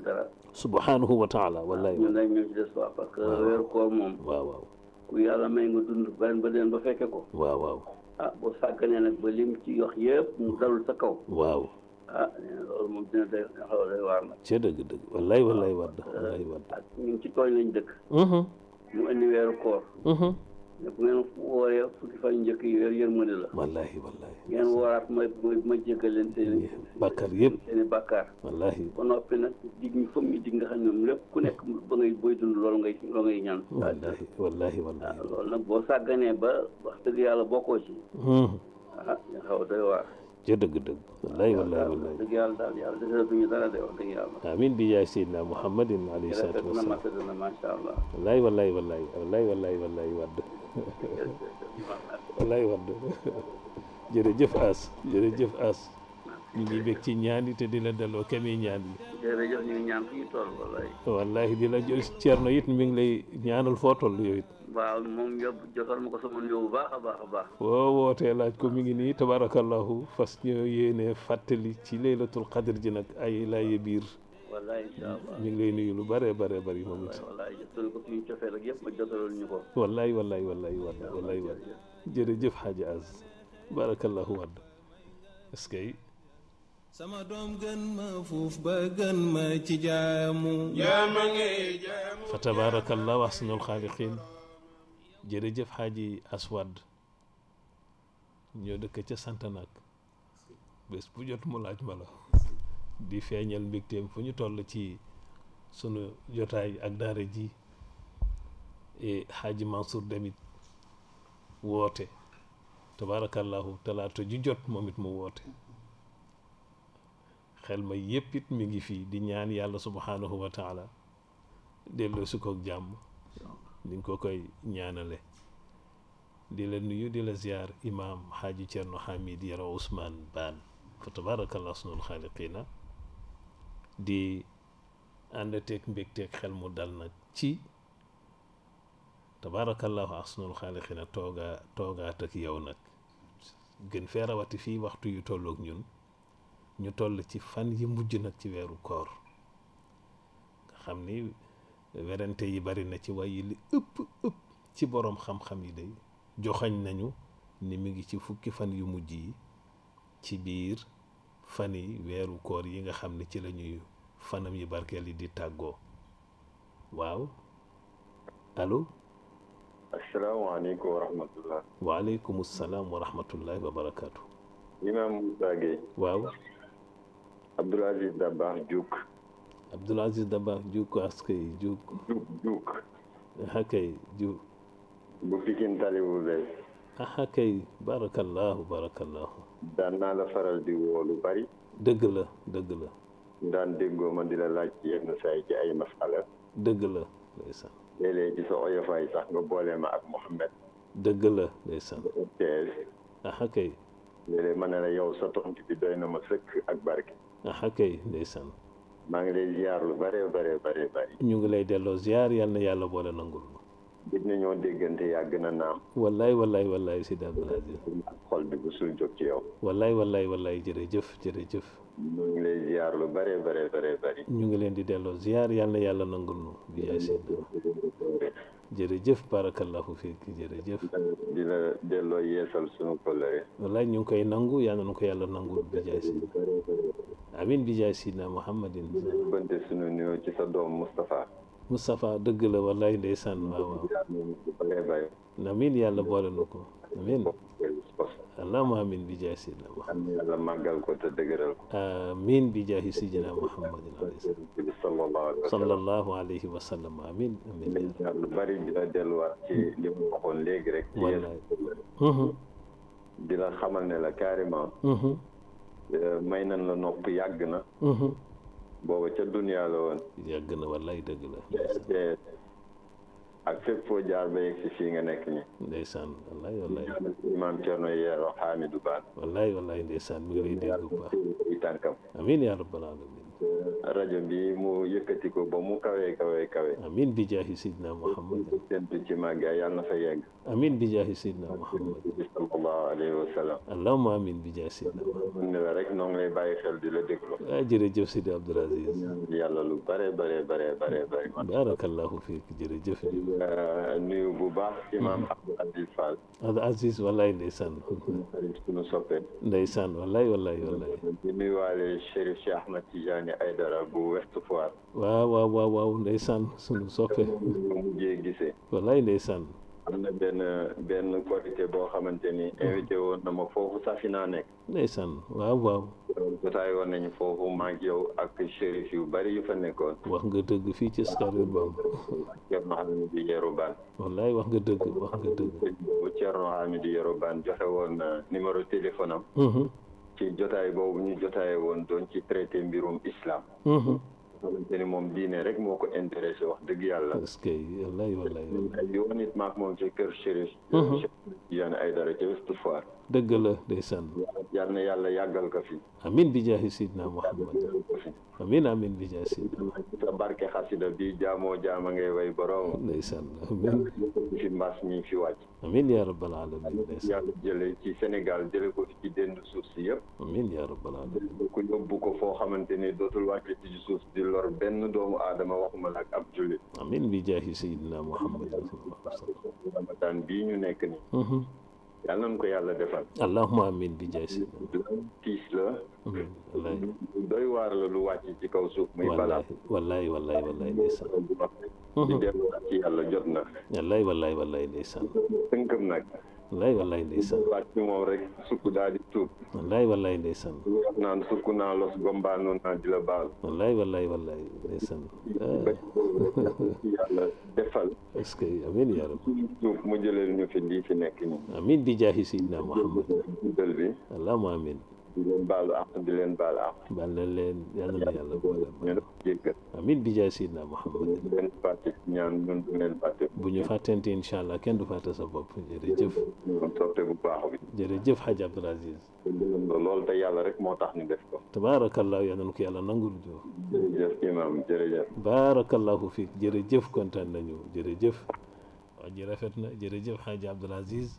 سبحانه وتعالى والله ñu nek ñu ci dess wa parce que wer ko mom waaw waaw ku yàlla may nga dund benn ba den ba fekkee ko waaw waaw ah boo sàgganee nag ba lim ci wax yëpp mu dalul sa kaw waaw ah a day waar nag ca dëgg dëgg wallaay wallaay wadd wallaay waa ak ñu ci tooñ lañ dëkk mhm. mu indi koor mhm. ne bu ngeen wooree fukki fan njëkk yi weer yërmande la. wallaahi wallaahi. ngeen wooraat ma ma jéggal leen seen. bàkkaar yëpp seen i bàkkaar. wallaahi ba noppi nag dig ñu fam ñu dig nga xam ne moom lépp ku nekk ba ngay boy dund loolu ngay loolu ngay ñaan. wallaahi wallaahi wallaahi. waaw loolu nag boo sàgganee ba wax dëgg yàlla bokkoo ci. ah nga xaw a doy waar. ca dëgg dëgg. wallaahi wallaahi wallaahi. dëgg yàlla daal yàlla desal duñu dara de wax dëgg yàlla. amiin bi yaay Seydina Muhammadin alayhi salaatu wa salaam. rafet na macha allah. wallaahi wallaahi wallaahi wallaahi wallaahi wallaahi wallaay wax dëgg jërëjëf As jërëjëf As ñu ngi bég ci ñaan yi te di la delloo kami ñaan yi. jërëjëf ñu ñaan fi toll wallaay. wallaay di la jël Thierno it mi ngi lay ñaanal foo toll yow it. wootee laaj ko mi ngi nii tabarakallahu fas ñoo yéene fàttali ci laylatul qadr ji nag ay laaye biir. wallaay incha lay nuyu lu bëree bëree bëri moom it. wallaay jotal ko suñu cofeel ak yëpp ma jotalul ñu ko. wallaay wallaay barakallahu wadd est sama doom gën ma fuuf ba gën ma ci jaamu. jaama ngay jaamu. fa tabaarakallahu ahsanul xaaliqiin jërëjëf Hadji Aswad ñoo dëkk ca Santanaak bés bu jot mu laaj ma la. di feeñal mbégteem fu ñu toll ci sunu jotaay ak daara ji xaaji e Mansour damit woote tabaarakallahu talaata ju jot moom it mu woote xel ma yépp it mu ngi fii di ñaan yàlla subhaanahu wa taala delloo su koog jàmm ni nga ko koy ñaanale di la nuyu di la ziyaar imaam xaaji Cerno Hamid Yero Ousmane Baan fa tabaarakallahu sunul xaaliqiina di àndateeg mbégteeg xel mu dal nag ci tabaarakallaahu ahsanul xaaliqiina toogaa toogaat ak yow nag gën fee rawati fii waxtu yu tollook ñun ñu toll ci fan yi mujj nag ci weeru koor nga xam ni werante yi bari na ci waaye li ëpp ëpp ci boroom xam-xam yi day joxañ nañu ni mu ngi ci fukki fan yu mujj yi ci biir fan yi weeru koor yi nga xam ne ci la ñuy fanam yi barkeel yi di tàggoo waaw allo. asalaamaaleykum wa rahmatulah. waaleykum salaam wa rahmatulah wa barakaatu. imaam Moussa Gueye. waaw. Abdoul Aziz Dabakh Diouk. Abdoul Aziz Dabakh Diouk askay Diouk. Diouk Diouk. hakay Diouk. bu Pikine tali bu bees. hakay barakallahu barakallahu. daan naa la faral di woo lu bari. dëgg la dëgg la. daan déggoo ma di la laaj ci yenn saay ci ay masala dëgg la ndeysaan. léeg-léeg sa oyofaay sax nga boole ma ak Mouhamed. dëgg la ndeysaan. RTS. ah kay. ma ne la yow sa tontu bi doy na ma sëkk ak barke. ah kay ndeysaan. maa ngi lay ziar lu bëree bëree bëri. ñu ngi lay delloo ziar yal na yàlla boole nangul ma. gis nañoo déggante yàgg na naam. wallaay wallaay wallaay Seydi Abdoul xol bi bu suul jóg ci yow. wallaay wallaay wallaay jërëjëf jërëjëf. ñu ngi lay ziar lu bëree bëree ñu ngi leen di delloo ziar yal yàlla nangu nu bi yaay Seydi. jërëjëf barakallahu fiik jërëjëf. di la delloo yeesal sunu kóllëre. wallaay ñu ngi koy nangu yal nu ko yàlla nangul bi jaay Seydi. amiin bi jaay Muhammadin. ñu ngi sunu nuyoo ci sa doom Moustapha. Moustapha dëgg la wallaay ndeysaan waaw waaw amiin yàlla boole nu ko amiin allahumma amiin bi jaay sidna Muhammad yàlla màggal ko te dëgëral ko amiin bi jaay sidna Muhammadin sallallahu alayhi wa sallam amiin amiin lu bari di la delluwaat ci li mu waxoon léegi rek wallaay di la xamal ne la carrément may nan la nopp yàgg na booba ca duniyaa la woon yàgg na wallaay dëgg la ak fépp foo jaar ba yegg si fii nga nekk nii ndeysaan wallaay wallaay imaam Cerno Yeero Hamidou Baan wallaay wallaay ndeysaan mi ngi lay dégg bu baax tànkam amiin yaa rabbal alamin rajo bi mu yëkkati ko ba mu kawee kawee kawee. amiin bi jaahi sidna Muhammad. séntu ci màgg yàlla na fa yegg. amiin bi jaahi sidna Muhammad. sallallahu alayhi wa sallam. allahumma amiin bi jaahi sidna Muhammad. ne la rek noo ngi lay bàyyi xel di la déglu. ah jërëjëf Sidi Abdoul Aziz. yàlla lu bare bare bare bare bare. baarakallahu fiik jërëjëf. Euh, nuyu bu baax imaam Abdoul Aziz Fall. Abdoul Aziz wallaay ndeysaan. sunu soppe. ndeysaan wallaay wallaay wallaay. di nuyuwaale Chérif Cheikh Ahmed Tidiane. Sané Aidara bu Ouest Foire. waaw waaw waaw waaw ndeysaan sunu soppe. mujjee gisee. wallaay ndeysaan. am na benn benn qualité boo xamante ni. invité woon na ma foofu Safina nekk. ndeysaan waaw waaw. jotaay woon nañu foofu maag yow ak chérif yu bari yu fa nekkoon. wax nga dëgg fii ci Scarlet Bam. Thierno Hamidou Yoroban. wallaay wax nga dëgg wax nga dëgg. bu Thierno Hamidou Yoroban joxe woon uh, numéro téléphone am. Mm-hmm. ci jotaay boobu ñu jotaay woon doon ci traité mbirum islam. Mhm. xamante ni moom diine rek moo ko intéressé wax dëgg yàlla. parce que wallaay wallaay. ay maak moom ci kër Chérif. Mhm. Cheikh Tidiane Aïdara ca Ouest Foire. dëgg la ndeysaan. yal na yàlla yàggal ko fi. amin bi jaahi sidna Muhammad amin amin bi jaahi sidna sa barke xasida bi jaamoo jaama ngay way borom. ndeysaan amin fi mbas mi fi wàcc. amin yaa rabbal alamin ndeysaan ci Sénégal jële ko fi ci dénd suuf si yëpp. amin yaa rabbal alamin ku yóbbu ko foo xamante ni dootul wàcc ci suuf benn doomu aadama waxuma la ak ab bi ñu nekk nii. Mm-hmm. yàlla nañu ko yàlla defal. allahumma amin di jaay si. tiis la. wallaay doy waar la lu wàcc ci kaw suuf. muy balaa wallaay wallaay wallaay ndeysaan. di delluwaat ci yàlla jot na. wallaay wallaay wallaay wallaay ndeysaan wàcc ci moom rek sukk daal di tuub wallaay wallaay ndeysaan wax naan sukk naa los gombaanu est-ce que amiin yaa rab tuub mu jëleel ñu fi lii fi nekk nii amiin bi jaahi sayyidina Muhammad bi di leen baalu àq di leen baalu àq. bala leen yàlla na yàlla boole ma ñëpp jéggal. amiin bi jaay Seydina Mouhamed. bu ñu leen fàtte ñaan ñun du leen fàtte. bu ñu fàttente incha allah kenn du fàtte sa bopp jërëjëf. soxte bu baax bi. jërëjëf Hadj Abdoul Aziz. loolu te yàlla rek moo tax ñu def ko. tabaarakallah yal nañu ko yàlla nangul joo. jërëjëf imam jërëjëf. baarakallahu fiik jërëjëf kontaan nañu jërëjëf. waa ji rafet na jërëjëf Hadj Abdoul Aziz.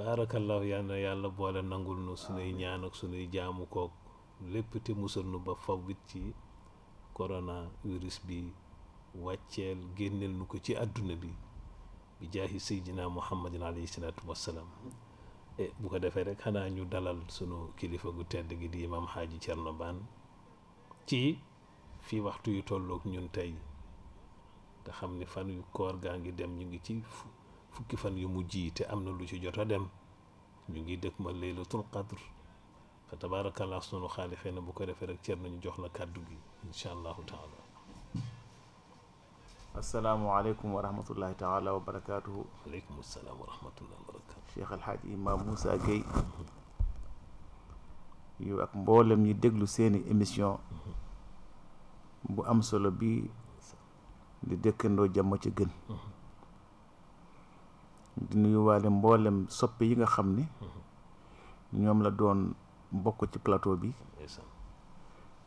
baarakallahu yal yàlla boole nangul nu sunuy ñaan ak sunuy jaamu kook lépp te musal nu ba fawit ci corona virus bi wàcceel génneel nu ko ci àdduna bi bi jaahi seydina muhammadin alayhi salaatu wassalaam e, bu ko defee rek xanaa ñu dalal sunu kilifa gu tedd gi di imam xaaji Cerno ci fii waxtu yu tollook ñun tey te xam ni fan yu koor gaa ngi dem ñu ngi ci fukki fan yu mujj yi te am na lu ci jot a dem ñu ngi dëkk ma laylatul qadr fa tabaarakallah sunu xaalifee na bu ko defee rek cer nañu jox la kàddu gi incha allahu taala asalaamualeykum wa rahmatullahi taala wa barakaatuhu aleykum assalaam wa rahmatullahi wa barakaatuhu cheikh alxaaj imam Moussa Gueye yow ak mboolem ñi déglu seeni émission bu am solo bi di dëkkandoo jàmm ci gën di nuyuwaale mboolem soppe yi nga xam ne mm-hmm. ñoom la doon bokk ci plateau bi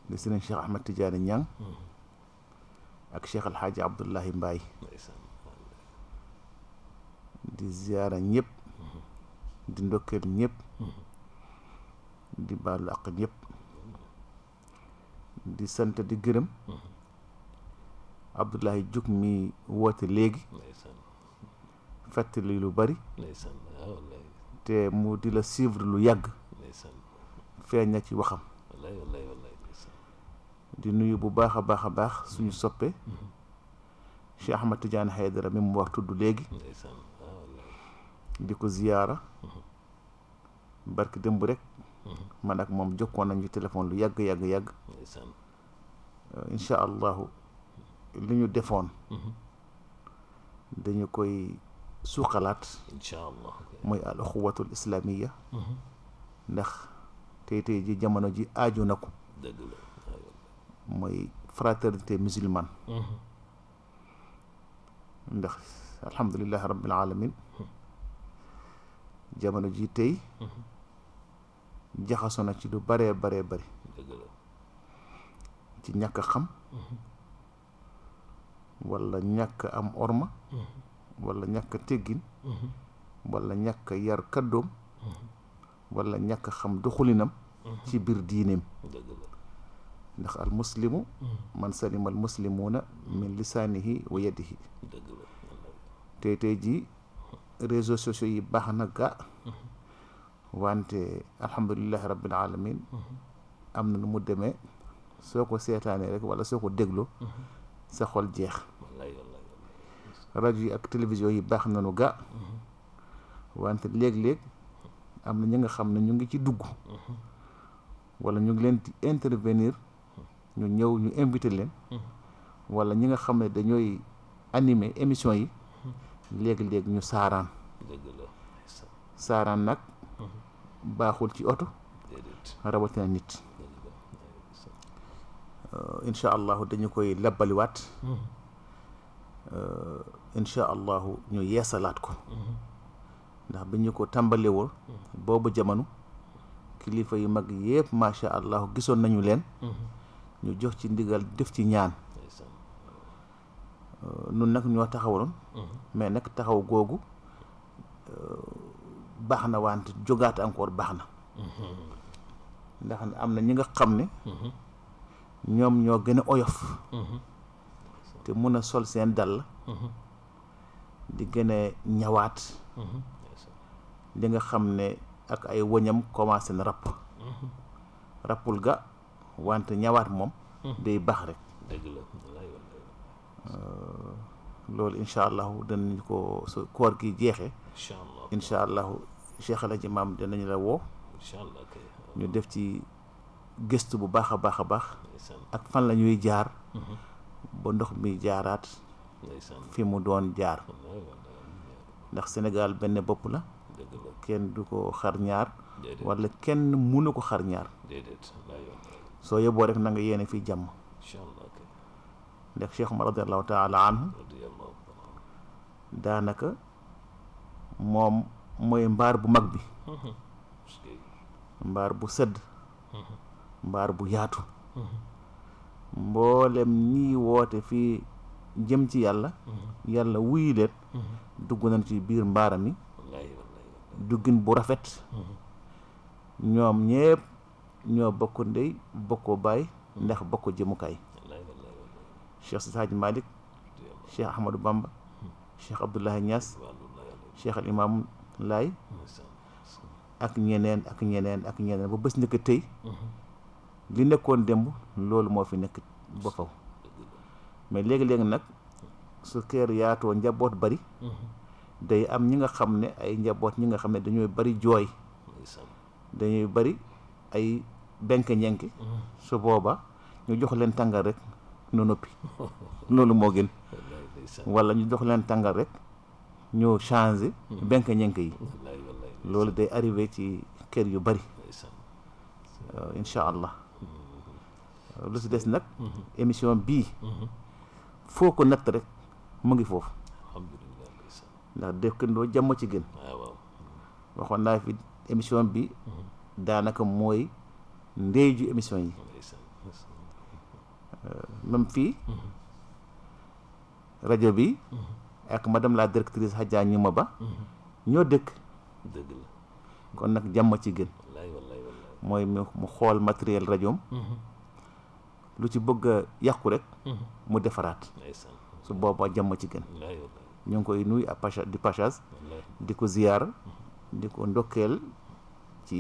di sëriñ Cheikh Ahmed Tidiane Niang mm-hmm. ak Cheikh El Hadj Abdoulahi di ziyaara ñëpp mm-hmm. di ndokkeel ñëpp di baalu àq di sant di gërëm Abdoulahi Diouf mi woote léegi fàttali lu bari te mu di la suivre lu yàgg feeñ na ci waxam di nuyu bu baax a baax a baax suñu mm-hmm. soppe mm-hmm. Cheikh Ahmad Tidiane Haydara mi mu wax tudd léegi di ko ziyaara mm-hmm. barki dëmb rek man ak moom jokkoon nañu téléphone lu yàgg yàgg yàgg euh, incha allahu li ñu defoon dañu koy سوكالات ان شاء الله موي الاخوه الاسلاميه نخ تي تي جي جامانو جي اديو نكو دغ لا موي فراترنتي مسلمان نخ الحمد لله رب العالمين جامانو جي تي جاخاسونا سي دو باري باري باري دغ لا تي نياكا خام ولا نياكا ام اورما wala ñàkk a teggin wala ñàkk a yar kaddoom wala ñàkk a xam doxulinam ci biir diineem ndax al muslimu man salima al muslimuuna min lisaanihi wa yadihi tey tey jii réseaux sociaux yi baax na gaa wante alhamdulilahi rabbil alamin am na nu mu demee soo ko seetaanee rek wala soo ko déglu sa xol jeex rajo yi ak télévision yi baax nañu ga wante léeg-léeg am na ñi nga xam ne ñu ngi ci dugg wala ñu ngi leen di intervenir ñu ñëw ñu invité leen wala ñi nga xam ne dañooy anime émission yi léegi léeg ñu saaraan saaraan nag baaxul ci oto rawatina nit euh, incha allahu dañu koy labbaliwaat incha allahu ñu yeesalaat ko mm-hmm. ndax bi ñu ko tàmbalewul mm-hmm. boobu jamono kilifa yu mag yëpp macha allah gisoon nañu leen mm-hmm. ñu jox ci ndigal def ci ñaan uh, nun nag ñoo taxawaloon mais nag taxaw googu uh, baax na wante jogaat encore baax na ndax am na ñi nga xam ne ñoom ñoo gën a oyof te mun a sol seen dàll di gën ñawaat mm-hmm. li nga xam ne ak ay wëñam commencé na rapp mm-hmm. rappul ga wante ñawaat moom mm-hmm. day baax rek dëgg euh, loolu incha allahu danañ ko su koor gi jeexee incha allahu cheikh la ji maam danañ la woo ñu def ci gëstu bu baax a baax a baax ak fan lañuy jaar ba ndox mi jaaraat fi mu doon jaar ndax Sénégal benn bopp la kenn du ko xar ñaar kenn mënu ko xar ñaar soo yóbboo rek na nga yéene fii jàmm ndax Cheikh Umar radiallahu taala anhu daanaka moom mooy mbaar bu mag bi mbaar bu sëdd mhm. mbaar bu yaatu mhm. mboolem ñii woote fii jëm ci yàlla yàlla wuyu dugg nañ ci biir mbaara mi duggin bu rafet ñoom ñépp ñoo bokk ndey bokkoo baay ndax bokk jëmukaay cheikh si Hadj Malick cheikh Ahmadou Bamba cheikh Abdoulaye Niass cheikh al ak ñeneen ak ñeneen ak ñeneen ba bés njëkk tey mhm. li nekkoon démb loolu moo fi nekk ba faw mais léegi-léegi nag su kër yaatoo njaboot bari mm-hmm. day am ñi nga xam ne ay njaboot ñi nga xam ne dañuy bari jooy dañuy bari ay benk-ñenk mm-hmm. su booba ñu jox leen tàngal rek ñu noppi loolu moo gën wala ñu jox leen tàngal rek ñëw changé mm-hmm. benk-ñenk yi loolu day arrivé ci kër yu bari incha allah lu si des nag émission bii foo ko natt rek mu ngi foofu ndax dëkkandoo jàmm ci gën waxoon naa fi émission bi mhm. daanaka mooy ndey émission yi euh, même fii mhm. rajo bi mhm. ak madame la directrice Hadja Ñuma Ba ñoo dëkk kon nag jàmm ci gën mooy mu xool matériel rajoom lu ci bëgg a yàqu rek mhm. mu defaraat su booba jàmm ci gën ñu ngi koy nuy a pacha di pachas di ko ziyaar mhm. di ko ndokkeel ci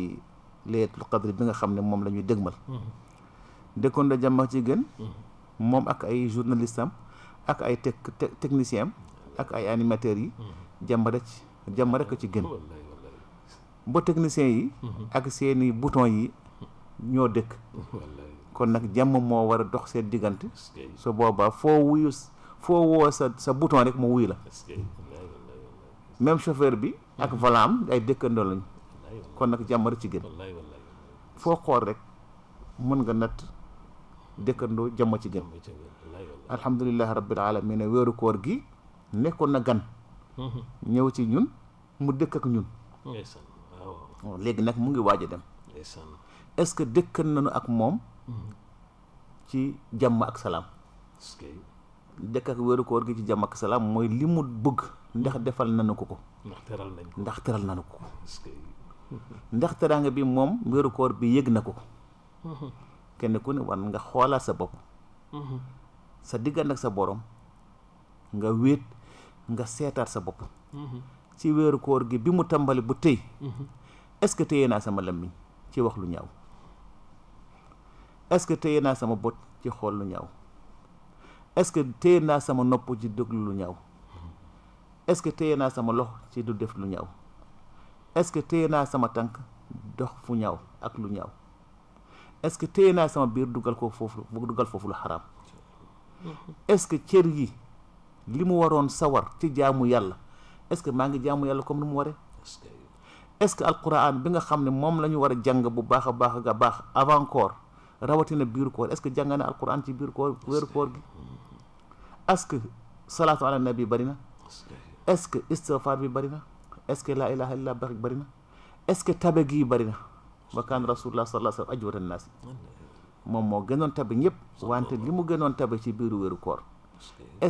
leetul qadri bi nga xam ne moom la ñuy dëgmal mhm. dëkkoon da jàmm ci gën moom ak ay journaliste am ak ay tec technicien am ak ay animateurs yi jàmm rek jàmm rek ci gën ba techniciens yi ak seeni bouton yi ñoo dëkk kon nag jàmm moo war a dox seen diggante su boobaa foo wuyu foo woo sa sa bouton rek mu wuyu la même chauffeur bi ak hmm. volant ay dëkkandoo lañ kon nag jàmm rek ci gën foo xool rek mën nga natt dëkkandoo jàmm ci gën alhamdulilah rabbil alamin weeru koor gi nekkoon na gan hmm. ñëw ci ñun mu dëkk ak ñun léegi nag mu ngi waaj a dem est-ce que dëkkan nañu ak moom mm-hmm. ci jàmm ak salaam dëkk ak wéeru koor gi ci jàmm ak salaam mooy li mu bëgg ndax mm-hmm. defal nañu ko ko ndax teral nañu ko ndax teraanga bi moom wéeru koor bi yëg na ko mm-hmm. kenn ku ne wan nga xoolaat sa bopp sa diggante ak sa boroom nga wéet nga seetaat sa bopp ci weeru koor gi bi mu tàmbali bu tëy est-ce que téye naa sama lammiñ ci wax lu ñaw est-ce que téye naa sama bët ci xool lu ñaaw est-ce que téye naa sama nopp ci déglu lu ñaw est-ce que téye naa sama lox ci du def lu ñaaw est-ce que téye naa sama tànk dox fu ñaaw ak lu ñaaw est-ce que téye naa sama biir dugal ko foofu dugal foofu lu xaraam est-ce que cër yi li mu waroon sawar ci jaamu yàlla est-ce maa ngi jaamu yàlla comme ni mu waree est-ce que alquran bi nga xam ne moom la ñu war a jàng bu baax a baax a baax avant koor rawatina biir koor est-ce que jàng na alquran ci biir koor wéeru koor gi est-ce que salaatu ala nabi bari na ce que istighfar bi bari na est-ce que laa ilaha illa bax bari na est-ce que tabe gi bari na wa kaan rasulullah sallallahu alayhi wa moo gënoon tabe ñëpp wante li mu gënoon tabe ci biiru wéeru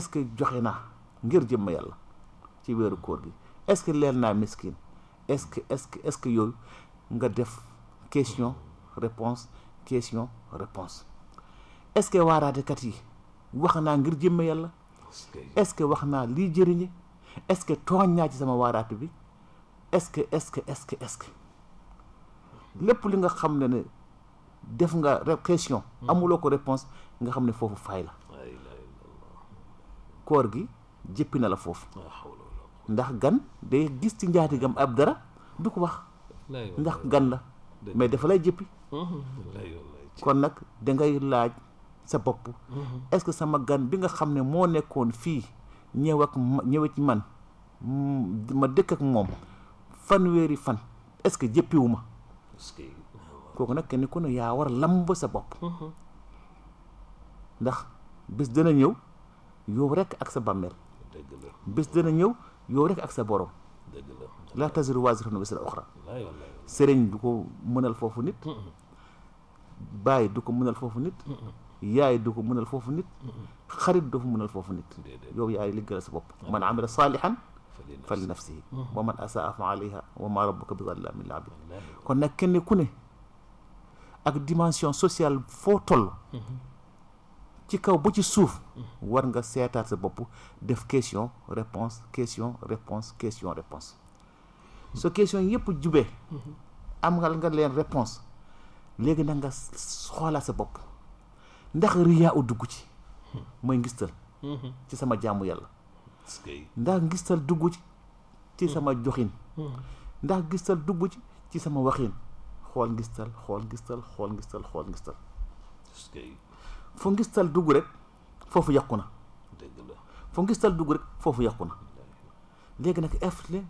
ce que joxe na ngir jëmm yàlla ci wéeru koor gi est-ce que leel naa miskin est-ce que est-ce que est-ce que yooyu nga def question réponse question réponse est-ce que waaraatekat yi wax naa ngir jëmme yalla est-ce que waxna li lii jëriñe est-ce que togna ci sama waaraate bi est-ce que est-ce que est-ce que est-ce que lepp li nga xam ne def nga question hmm. amuloko réponse nga xam fofu fay la koor gi jëppi la fofu ndax gan day gis ci njaatigam ab dara du ko wax ndax gan la mais dafa mm-hmm. lay jëppi kon nag dangay laaj sa bopp mm-hmm. est sama gan bi nga xam ne moo nekkoon fii ñëw ak ñëwe ci man mm, ma dëkk ak moom fan est-ce que jëppiwu ma kooku nag kenn ku yaa war a lamb sa bopp mm-hmm. ndax bis dana ñëw yow rekk ak sa bàmmeel bis dana ñëw يوريك اكثر بورو لا تزر وازر من وسر اخرى سيرين دوكو منال فوفو نيت باي دوكو منال فوفو نيت ياي دوكو منال فوفو نيت خريب دوكو منال فوفو نيت يو ياي ليغال سبب آه. من عمل صالحا فلنفسه ومن اساء فعليها وما ربك بظلام للعبيد كون نكني كوني اك ديمانسيون سوسيال فو تولو ci kaw ba ci suuf war nga seetaat sa bopp def question réponse question réponse question réponse so question yëpp jubee am nga leen réponse léegi nag nga xoolaat sa bopp ndax riyaa u dugg ci mooy ngistal ci sama jàmm yàlla ndax ngistal dugg ci ci sama joxin ndax ngistal dugg ci ci sama waxin xool ngistal xool ngistal xool ngistal xool ngistal foo fu ngistal dugg rek foofu yàqu na foo ngi ngistal dugg rek foofu yàqu na léegi nag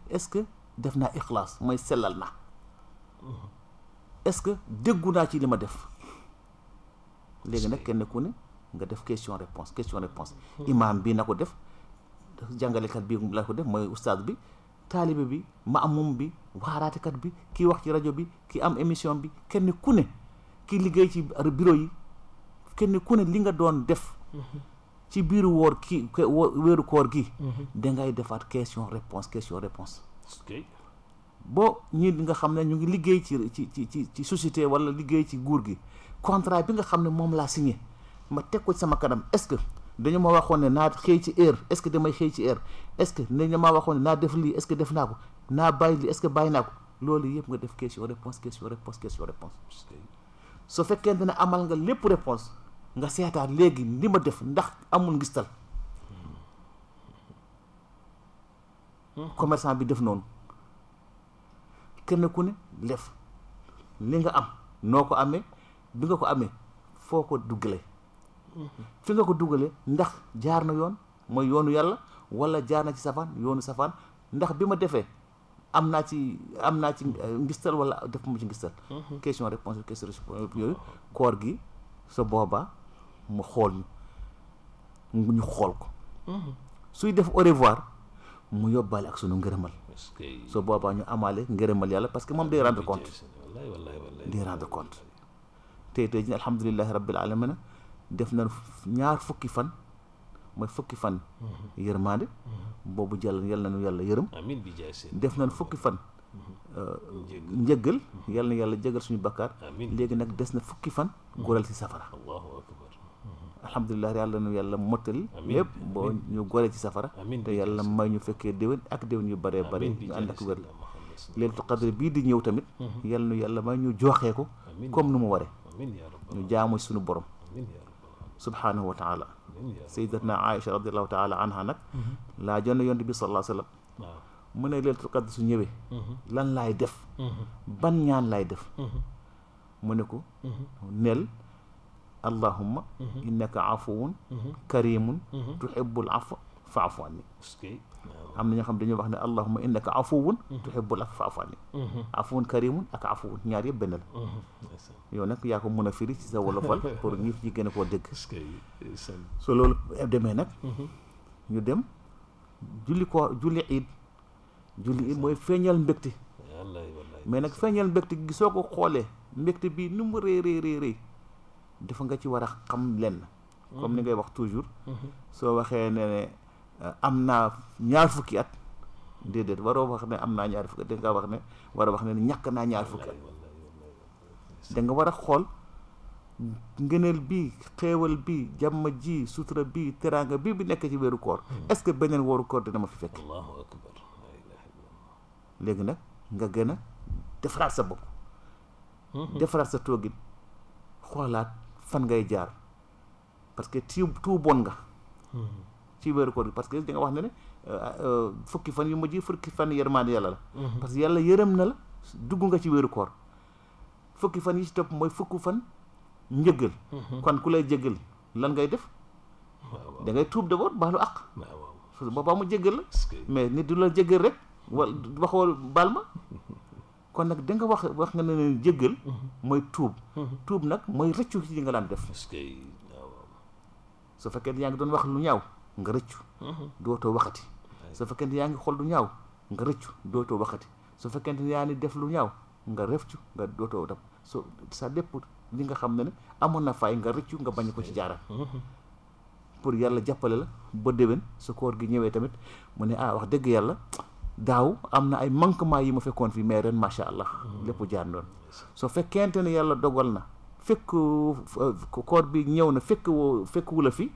est-ce que def naa ixlaas mooy sellal na est-ce que déggu naa ci li ma def léegi nag kenn ku ne nga def question réponse question réponse imaam bi na ko def jàngalekat bi la ko def mooy ustaad bi taalibe bi maamum bi waaraatekat bi kii wax ci rajo bi kii am émission bi kenn ku ne kii liggéey ci bureau yi kenn ku ne li nga doon def ci biiru woor ki wéeru koor gi dangay defaat question réponse question réponse boo ñi nga xam ne ñu ngi liggéey ci ci ci ci société wala liggéey ci nguur gi contrat bi nga xam ne moom laa signé ma teg ko ci sama kanam est-ce que dañu ma waxoon ne naa xëy ci heure est-ce que damay xëy est-ce que dañu ma waxoon naa def lii est-ce que naa ko naa bàyyi lii est-ce que bàyyi naa ko loolu yëpp nga def question réponse question réponse su fekkente ne amal nga lépp réponse nga seetaat léegi li ma def ndax amul ngistal commerçant bi def noonu kenn ku ne lef li nga am noo ko amee bi nga ko amee foo ko duggale fi nga ko duggale ndax jaar na yoon mooy yoonu yàlla wala jaar na ci safaan yoonu safaan ndax bi ma defee am naa ci am naa ci euh, ngistal wala def ma ci ngistal mhm. question réponse yooyu koor gi sa boobaa mu xool ñu xool ko. Mhm. suy def au revoir mu yóbbaale ak sunu ngërëmal. soo boobaa ñu amaale ngërëmal yàlla parce que moom day rendre compte. day rendre compte. tey tey jii alhamdulilahi rabbil alamina def na ñaar fukki fan mooy fukki fan. Mhm. yërmande. Mhm. boobu jàll yal nañu yàlla yërëm. amiin bi def nañ fukki fan. Euh, njëggal yal na yàlla jëggal suñu bakkaar. léegi nag des na fukki fan. góoral ci safara. alhamdulilah yàlla nu yàlla mottal yëpp boo ñu gore ci safara te yàlla may ñu fekkee déwén ak déwén yu bare bare ñu ànd ak wér la leeltu qadr bii di ñëw tamit yàlla nu yàlla may ñu joxee ko comme nu mu waree ñu jaamu suñu borom subhaanahu wa taala sayyidatna Aïcha radiallahu taala anha nag laa jonn yonent bi sallallahu alayhi wa sallam mu ne leeltu qadr su ñëwee lan laay def ban ñaan laay def mu ne ko neel allahumma mhm. innaka afuwun mhm. karimun mhm. tuhibbul afwa faafu anni euh, am na ñoo xam dañuy wax ne allahumma innaka afuwun tuhibbul afwa faafu anni afuwun karimun ak afuwun ñaar yëpp benn la yow ko mën a firi ci sa wolofal ñi gën a koo dégg euh, so loolu demee nag ñu dem julli ko julli iid julli mooy feeñal mbégte mais nag feeñal mbégte gi soo ko xoolee mbégte bii nu mu rëy rëy dafa nga ci war a xam lenn comme ni ngay wax toujours soo waxee ne ne euh, am naa ñaar fukki at déedéet waroo wax ne am naa ñaar fukki at da wax ne war a ñàkk naa ñaar fukki nga war a xool ngëneel bi xéewal bi jàmm ji sutura bi teraanga bi bi nekk ci weeru koor hmm. est-ce que beneen weeru koor dina ma fi fekk léegi nag nga gën a defaraat sa bopp hmm. defaraat sa toogin xoolaat fan ngay jaar parce que hmm. ci tuuboon nga ci wéeru koor gi parce que da nga wax ne ne euh, euh, fukki fan yu mujj fukki fan yërmaande yàlla la hmm. parce que yàlla yërëm na la dugg nga ci wéeru koor fukki fan yi ci topp mooy fukki fan njëggal hmm. kon ku lay jëggal lan ngay def da ngay tuub d'abord baalu àq boobaa mu jëggal la mais nit du la jëggal rek wal waxoo baal ma kon nag da nga wax wax nga ne leen jéggal mhm. mooy tuub mhm. tuub nag mooy rëccu yi nga daan def su fekkee yaa ngi doon wax lu ñaaw nga rëccu mhm. dootoo waxati su fekkee yaa ngi xool lu ñaaw nga rëccu dootoo waxati su fekkee yaa ngi def lu ñaaw nga rëccu nga dootoo def so sa lépp li nga xam ne ne amoon na fay nga rëccu nga bañ ko ci jaaraat pour yàlla jàppale la ba déwén su koor gi ñëwee tamit mu ne ah wax dëgg yàlla daaw am na ay manquement yi ma fekkoon fi mais ren macha allah. lépp jaandoon soo fekkente ne yàlla dogal na fekk uh, koor bi ñëw na fekk woo fekk wu la fi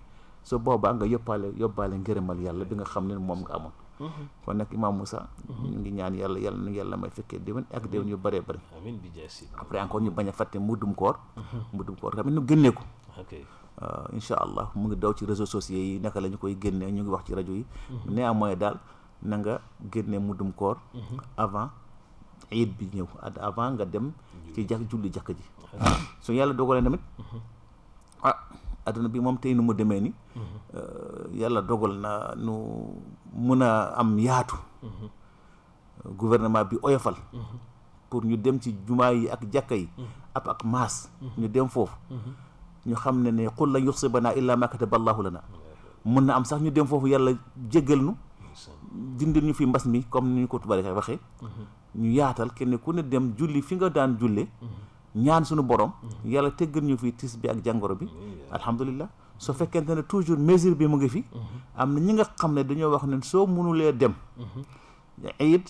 su boobaa nga yóbbaale yóbbaale ngërëmal yàlla bi nga xam ne moom nga amoon. Mm-hmm. kon nag Imam Moussa. Mm-hmm. ñu ngi ñaan yàlla yàlla nu yàlla may fekkee déwén ak déwén yu bëree bëri. amiin bi jeex après encore ñu bañ a fàtte muddum koor. muddum mm-hmm. koor tamit nu génnee ko. Uh, incha allah mu ngi daw ci réseaux sociaux yi naka la koy génnee ñu wax ci rajo yi. na nga génne muddum koor mhm. avant iid bi ñëw at avant nga dem ci jàkk julli jàkk ji ah. ah. su yàlla dogalee tamit mhm. ah adduna bi moom tey nu mu demee ni mhm. euh, yàlla dogal na nu mun a am yaatu gouvernement bi oyofal pour ñu dem ci jumaa yi ak jàkka yi ab ak maas ñu dem foofu ñu xam ne ne qul lan yusibanaa illaa ma kataba allaahu lana mun na am sax ñu dem foofu yàlla jéggal nu dindil ñu fi mbas mi comme ni ñu ko tubaab waxee ñu yaatal kenn ku ne dem julli fi nga daan julle ñaan suñu borom yàlla teggal ñu fi tiis bi ak jàngoro bi alhamdulilah su fekkente ne toujours mesure bi mu ngi fi am na ñi nga xam ne dañoo wax ne soo mënulee dem iid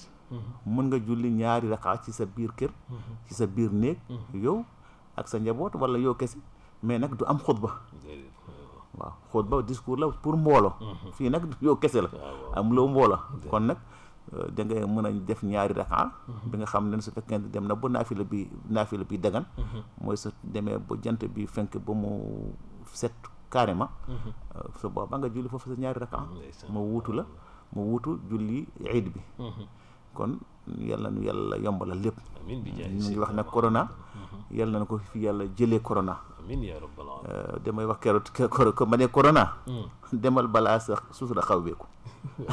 mën nga ci sa biir kër ci sa biir néeg yow ak sa njaboot wala yow kese mais nag du am xutba waaw xóot ba discours la pour mboolo mhm. fii nag yow kese la am loo mboolo kon nag euh, da nga mën a def ñaari raka mhm. bi nga xam ne su fekkente dem na ba naafila bi naafila bi dagan mhm. mooy sa demee ba jant bi fenk ba mu set carrément euh, su boobaa nga julli foofu sa ñaari raka mu wuutu la mu wuutu julli iid bi kon yàlla nu yàlla yombalal lépp ñu ngi wax nag korona mhm. yàlla na ko fi yàlla jëlee corona euh, damay wax keroog ko ma ne corona mm. demal balaa sa sutura xaw beeku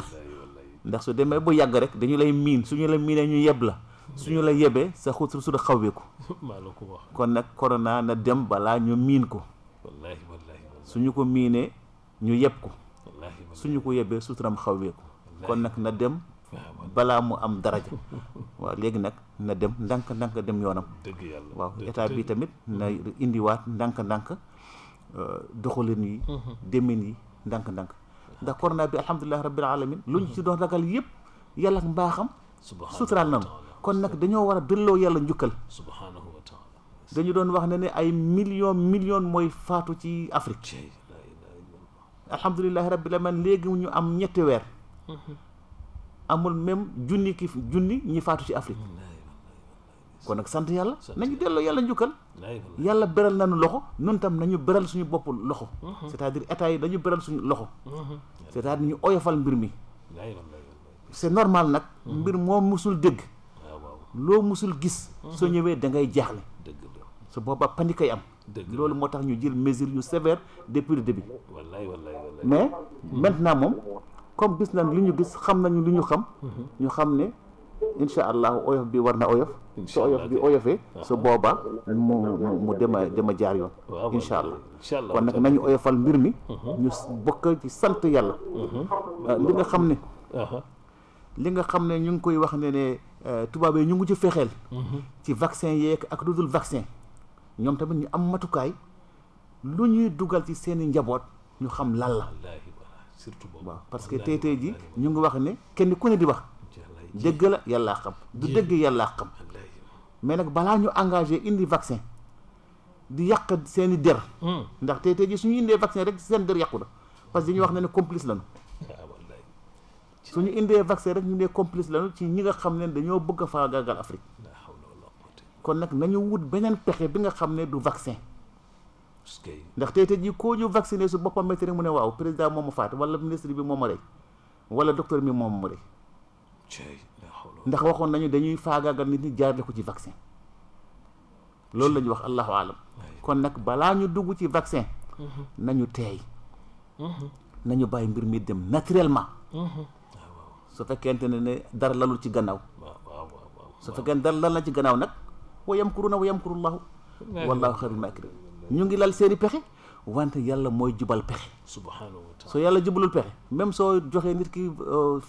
ndax su demee bu yàgg rek dañu lay miin suñu la miinee ñu yeb la suñu la yebee sa xut sutura xaw beeku kon nag dem balaa ñu miin ko ko miinee ñu yeb ko kon nag na dem balaa mu am daraja waaw léegi nag na dem ndànk ndànk dem yoonam dëgg yàlla bi tamit na indiwaat ndànk ndànk euh, doxalin yi mhm. demin yi ndànk ndànk ndax corona bi alhamdulilah rabbil alamin lu ñu ci doon ragal yëpp yàlla ak mbaaxam suturaal nañu kon nag dañoo war a delloo yàlla njukkal subhanahu wa taala dañu doon wax ne ne ay million million mooy faatu ci Afrique alhamdulilah rabbil alamin léegi ñu am ñetti weer mhm. amul même junni ki junni ñi faatu ci Afrique kon nag sant yàlla nañu delloo yàlla njukkal yàlla beral nu loxo nun tam na ñu beral suñu bopp loxo mhm. c'est-à-dire état yi dañu beral suñu loxo mhm. c'est-à-dire ñu oyofal mbir mi c'est normal nag mhm. mbir moo musul dégg loo musul gis soo ñëwee dangay ngay jaaxle su boobaa panique ay am loolu moo tax ñu jël mesure yu sévère depuis le début mais maintenant moom comme gis na li ñu gis xam nañu lu ñu xam mhm. ñu xam ne incha allah oyof bi war na oyof su oyof bi oyofee su boobaa mu mu dem a dem jaar yoon incha allah kon nag nañu oyofal mbir mi mhm. ñu bokk ci sant yàlla mhm. euh, li nga xam ne uh-huh. li nga xam ne ñu ngi koy wax ne ne euh, tubaab yi ñu ngi ci fexeel ci vaccin yee ak lu dul vaccin ñoom tamit ñu am matukaay lu ñuy dugal ci seeni njaboot ñu xam lan la surtout boobu waaw parce que tey tey ji ñu ngi wax ne kenn ku ne di wax dëgg la yàlla xam du dëgg yàllaa xam mais nag balaa ñu engagé indi vaccin di yàq seen i der hmm. ndax tey tey ji suñu indee vaccin rek seen der yàqu na parce que dañuy wax ne ne complice lañu ah, suñu indee vaccin rek ñu ne complice lañu ci ñi nga xam ne dañoo bëgg a faagaagal Afrique kon nag nañu wut beneen pexe bi nga xam ne du vaccin ndax tey tey jii koo ñu vacciné su boppam métti rek mu ne waaw président moom mu faat wala ministre bi moom ma rey wala docteur bi moom mu rey ndax waxoon nañu dañuy faagaagal nit ñi jaarale ko ci vaccin loolu la wax allahu alam kon nag balaa ñu dugg ci vaccin mhm. nañu teey mhm. nañu bàyyi mbir mi dem naturellement mhm. su fekkente ne ne dara lalul ci gannaaw su fekkee dara lal na ci gannaaw nag wa yamkuruna wa yamkurullahu wallahu xayrul makirin ñu ngi lal seeni pexe wante yàlla mooy jubal pexe subhanahu soo yàlla jubalul pexe même soo joxee nit ki euh,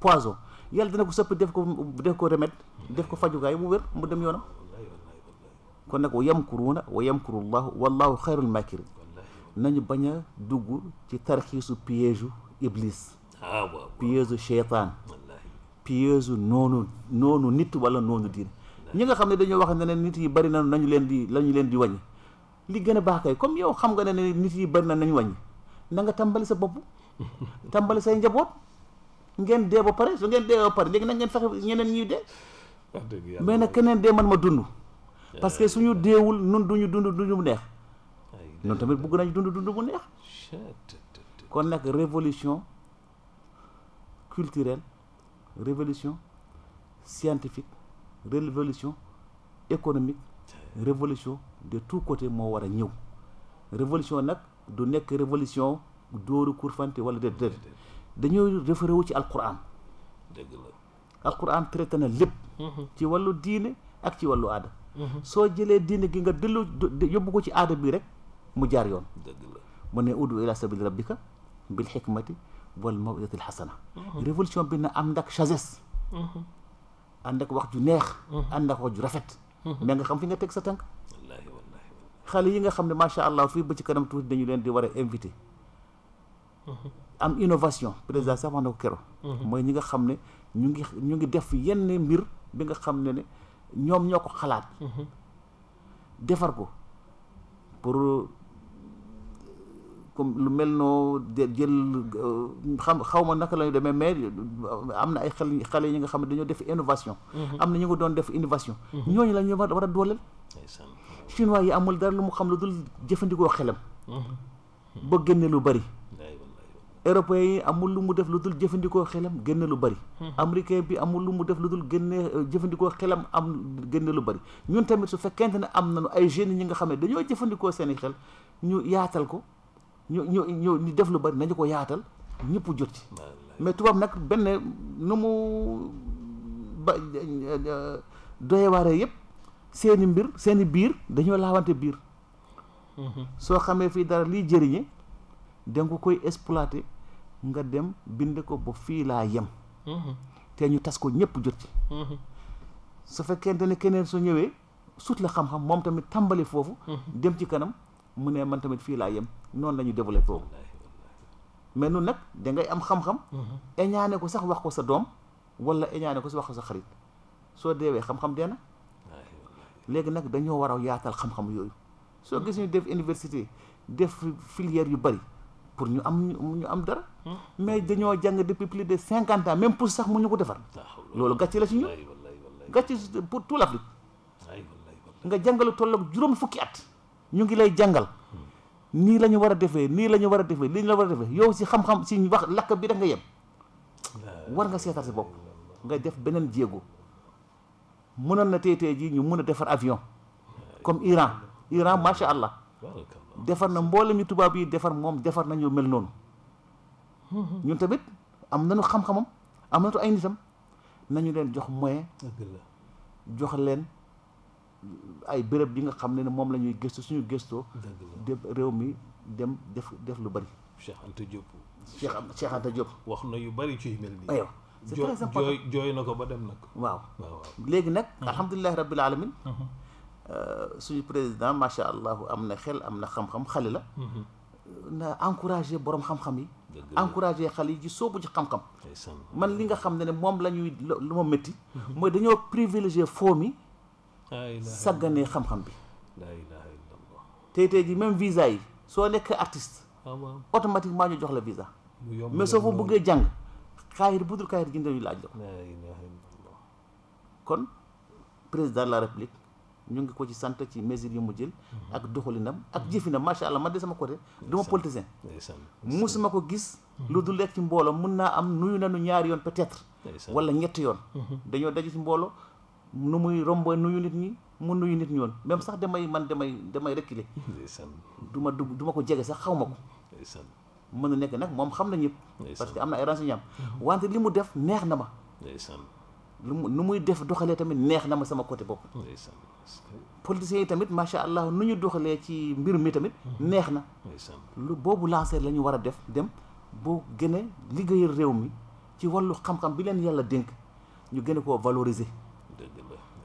poison yàlla dina ko sëpp def ko def ko remède def ko fajukaay mu wér mu dem yoonam kon nag wa yamkuruuna wa yamkuru llahu wallahu xayrul makirin nañu bañ a dugg ci tarxiisu piège iblis piège cheytaan piège noonu noonu nit wala noonu diin ñi nga xam ne dañoo wax ne ne nit yi bari na nañu leen di lañu leen di wàññi li gëna baax kay comme yow xam nga ne nit yi na nañ wañ nga sa say ngeen ba su ngeen ba ngeen ñeneen mais nag keneen dee man ma parce que suñu nun duñu dund duñu neex tamit dund dund révolution culturelle révolution scientifique révolution économique révolution de tous côtés mo wara ñëw révolution nak du nek révolution dóoru kurfante wala déet déet dañu référé wu ci alquran deug la alquran traité na lépp ci walu diine ak ci walu aada so jele diine gi nga delu yóbbu ko ci aada bi rek mu jaar yoon deug la mo ne udu ila sabil rabbika bil hikmati wal mawidati al xasana révolution bi na am ndak chazes andak wax ju neex andak wax ju rafet mais nga xam fi nga tek sa tànk xale yi nga xam ne macha allah fii ba ci kanam tuuti dañu leen di war a invité. Mhm. am innovation président sax wax na ko keroog. Mhm. mooy ñi nga xam ne ñu ngi ñu ngi def yenn mbir bi nga xam ne ne ñoom ñoo ko xalaat. Mhm. ko pour euh, comme lu mel noo jël euh, xam xaw ma naka la demee mais euh, am na ay xel xale yi nga xam dañoo def innovation. am na ñu ngi doon def innovation. ñooñu la war a dooleel. chinois yi amul dara lu mu xam lu dul jëfandikoo xelam. ba génne lu bari. européen yi amul lu mu def lu dul jëfandikoo xelam génne lu bari. américain bi amul lu mu def lu dul génne jëfandikoo xelam am génne lu bari ñun tamit su fekkente ne am nañu ay jeunes ñi nga xam ne dañoo jëfandikoo seeni xel ñu yaatal ko ñu ñu ñu ñu def lu bari nañu ko yaatal ñëpp jot ci. mais tubaab nag benn nu mu ba doyewaare yëpp. seeni mbir seeni biir dañoo laawante biir mhm. soo xamee fii dara liy jëriñe danga ko koy exploité nga dem bind ko ba fii laa yem mhm. te ñu tas ko ñëpp jot ci mhm. su fekkente ne keneen su ñëwee sut la xam-xam moom tamit tàmbali foofu dem ci kanam mu ne man tamit fii laa yem noonu la ñu développé wu mais nun nag dangay am xam-xam eñaane ko sax wax ko sa doom wala eñaane ko sax wax ko sa xarit soo deewee xam-xam dee na léegi nag dañoo war a yaatal xam-xam yooyu soo gis ñu def université def filière yu bëri pour ñu am ñu am dara. Hmm? mais dañoo jàng depuis plus de cinquante ans même pour sax mu ñu ko defar. loolu gàcce la ci ñu gàcce pour tout l'Afrique nga jàngalu tolloog juróom fukki at ñu ngi lay jàngal hmm. nii la war a defee nii la ñu war a defee lii la war a defee yow si xam-xam si wax lakk bi rek nga yem war nga seetaat si bopp nga def beneen jéego. mënoon na tey tey jii ñu mën a defar avion comme Iran Iran macha allah defar na mboolem ñu tubaab yi defar moom defar nañu mel noonu ñun tamit am nañu xam-xamam am nañu ay nitam nañu leen jox moyen jox leen ay béréb yi nga xam ne moom la ñuy gëstu suñu gëstoo dem réew mi dem def def lu bari Cheikh Anta Diop Cheikh Anta Diop wax na yu bari ci mel nii c'est très important jooy na ko ba dem nag. waaw waaw léegi nag. alhamdulilah rabbil alamin suñu président macha allah am na xel am na xam-xam xale la. na encouragé borom xam-xam yi. encouragé xale yi ci soobu ci xam-xam. man li nga xam ne ne moom la ñuy lu ma métti. mooy dañoo privilégié foo mi. sagganee xam-xam bi. tey tey ji même visa yi soo nekkee artiste. automatiquement ñu jox la visa. mais soo fa bëggee jàng. kaayit bu dul gi ndaw yi laaj la ko kon président de la république ñu ngi ko ci sant ci mesures yu mu jël mhm. ak doxalinam ak jëfinam macha allah man de sama côté du ma politicien musuma ko gis mhm. lu dul lekk ci mbooloo mun naa am nuyu nanu ñaari yoon peut-être wala ñetti yoon mhm. dañoo daje ci mbooloo nu muy rombo nuyu nit ñi mu nuyu nit ñoon même sax damay man damay rekkile reculer du ma dugg duma ko jege sax xaw ma ko mën a nekk nag moom xam na ñëpp. parce que am na ay renseignements wante li mu def neex na ma. lu mu nu muy def doxalee tamit neex na ma sama côté bopp. politiciens yi tamit macha allah nu ñu doxalee ci mbir mi tamit. neex na. lu boobu lancer la ñu war a def dem boo gën a réew mi ci wàllu xam-xam bi leen yàlla dénk ñu gën ko koo valoriser.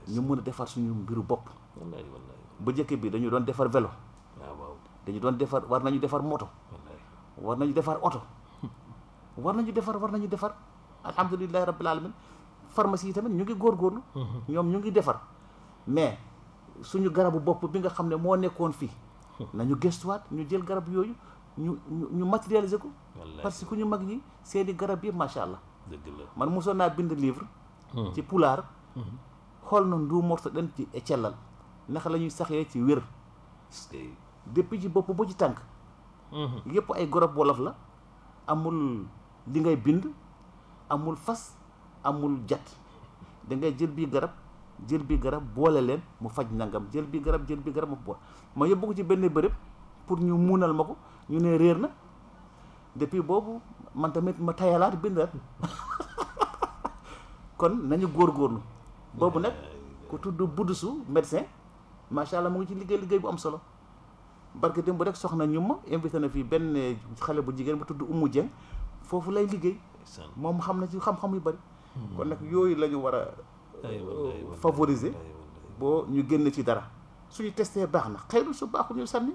ñu mën a defar suñu mbiru bopp. ba njëkk bi dañu doon defar vélo. Ah, dañu doon defar war nañu defar moto. war nañu defar oto war nañu defar war nañu defar alhamdulilahi rabbil alamin pharmacie yi tamit ñu ngi góorgóorlu ñoom ñu ngi defar mais suñu garabu bopp bi nga xam ne moo nekkoon fii nañu gëstuwaat ñu jël garab yooyu ñu ñu matérialiser ko parce que ñu mag ñi seeni garab yëpp macha allah man mosoon naa bind livre hmm. ci pulaar hmm. xool na nduu morta den ci cellal naka la ñuy saxee ci wér depuis ci bopp ba ci tànk Mm-hmm. yépp ay gorob wolof la amul li ngay bind amul fas amul jat da ngay jël bii garab jël bi garab boole leen mu faj nangam jël bi garab jël bi garab mu boole ma yóbbu ko ci benn bërëb pour ñu muunal ma ko ñu ne réer na depuis boobu man tamit ma tayalaat bindaat kon nañu góorlu boobu nag ku tudd buddusu médecin macha allah mu ngi ci liggéey liggéey bu am solo. barke démb rek soxna ñuma ma invité na fi benn xalé bu jigéen bu tuddu Umu Dieng foofu lay liggéey mom xamna ci xam-xam yu bari hmm. kon nak yoy la ñu war euh, favoriser bo ñu génn ci dara suñu testee baax na xëy su baaxul ñu sanni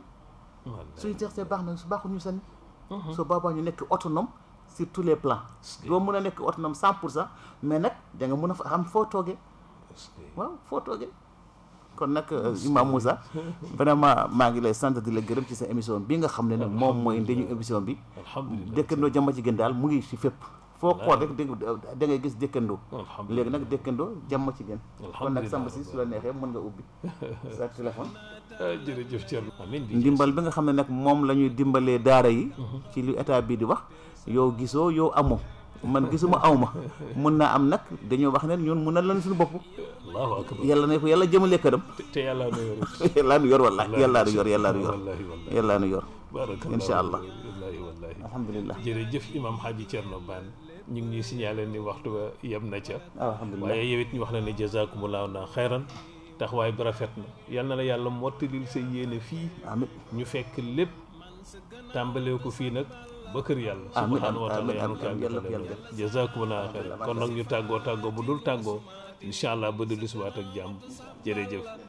suñu testee baax na su baaxul ñu sanni hmm. su boobaa ñu nekk autonome sur tous les plans do mëna a nekk autonome 100% mais nak da nga mëna a fa am foo toogee waaw fo toogee kon nag euh, Imam Moussa vraiment maa ngi lay sant di la gërëm ci sa émission bi nga xam ne ne moom mooy ndeyu émission bi dëkkandoo jàmm ci gën daal mu ngi ci fépp foo xool rek da ngay gis dëkkandoo léegi nag dëkkandoo jàmm ci gën kon nag Samba si su la neexee mën nga ubbi sa téléphone ah, jërëjëf Thierno ndimbal bi nga xam ne nag moom la ñuy dimbalee daara yi mhm. ci lu état bii di wax yow gisoo yow amoo man gisuma aw ma mun naa am nag dañoo wax ne ñun mun na lan suñu bopp allahu akbar yàlla ne ko yàlla jëmale këram te yàlla nu yor yàlla nu yor wallaahi yàlla nu yor yàlla nu yor yàlla nu yor barakallah insha allah wallaahi wallaahi alhamdulilah jërëjëf imam Hadji Thierno Bane ñu ngi ñuy signalé ni waxtu ba yem na ca alhamdulilah waaye yow it ñu wax la ne jazakumullahu na xayran waaye bu rafet na yal na la yàlla moo mottalil sa yéene fii ñu fekk lépp tàmbalee ko fii nag ba kër yàlla subhanahu wa taala yàlla ko yàlla defal jazakumullahu xayran kon nag ñu tàggoo tàggoo bu dul tàggoo incha allah ba dellu si waat ak jàmm jëf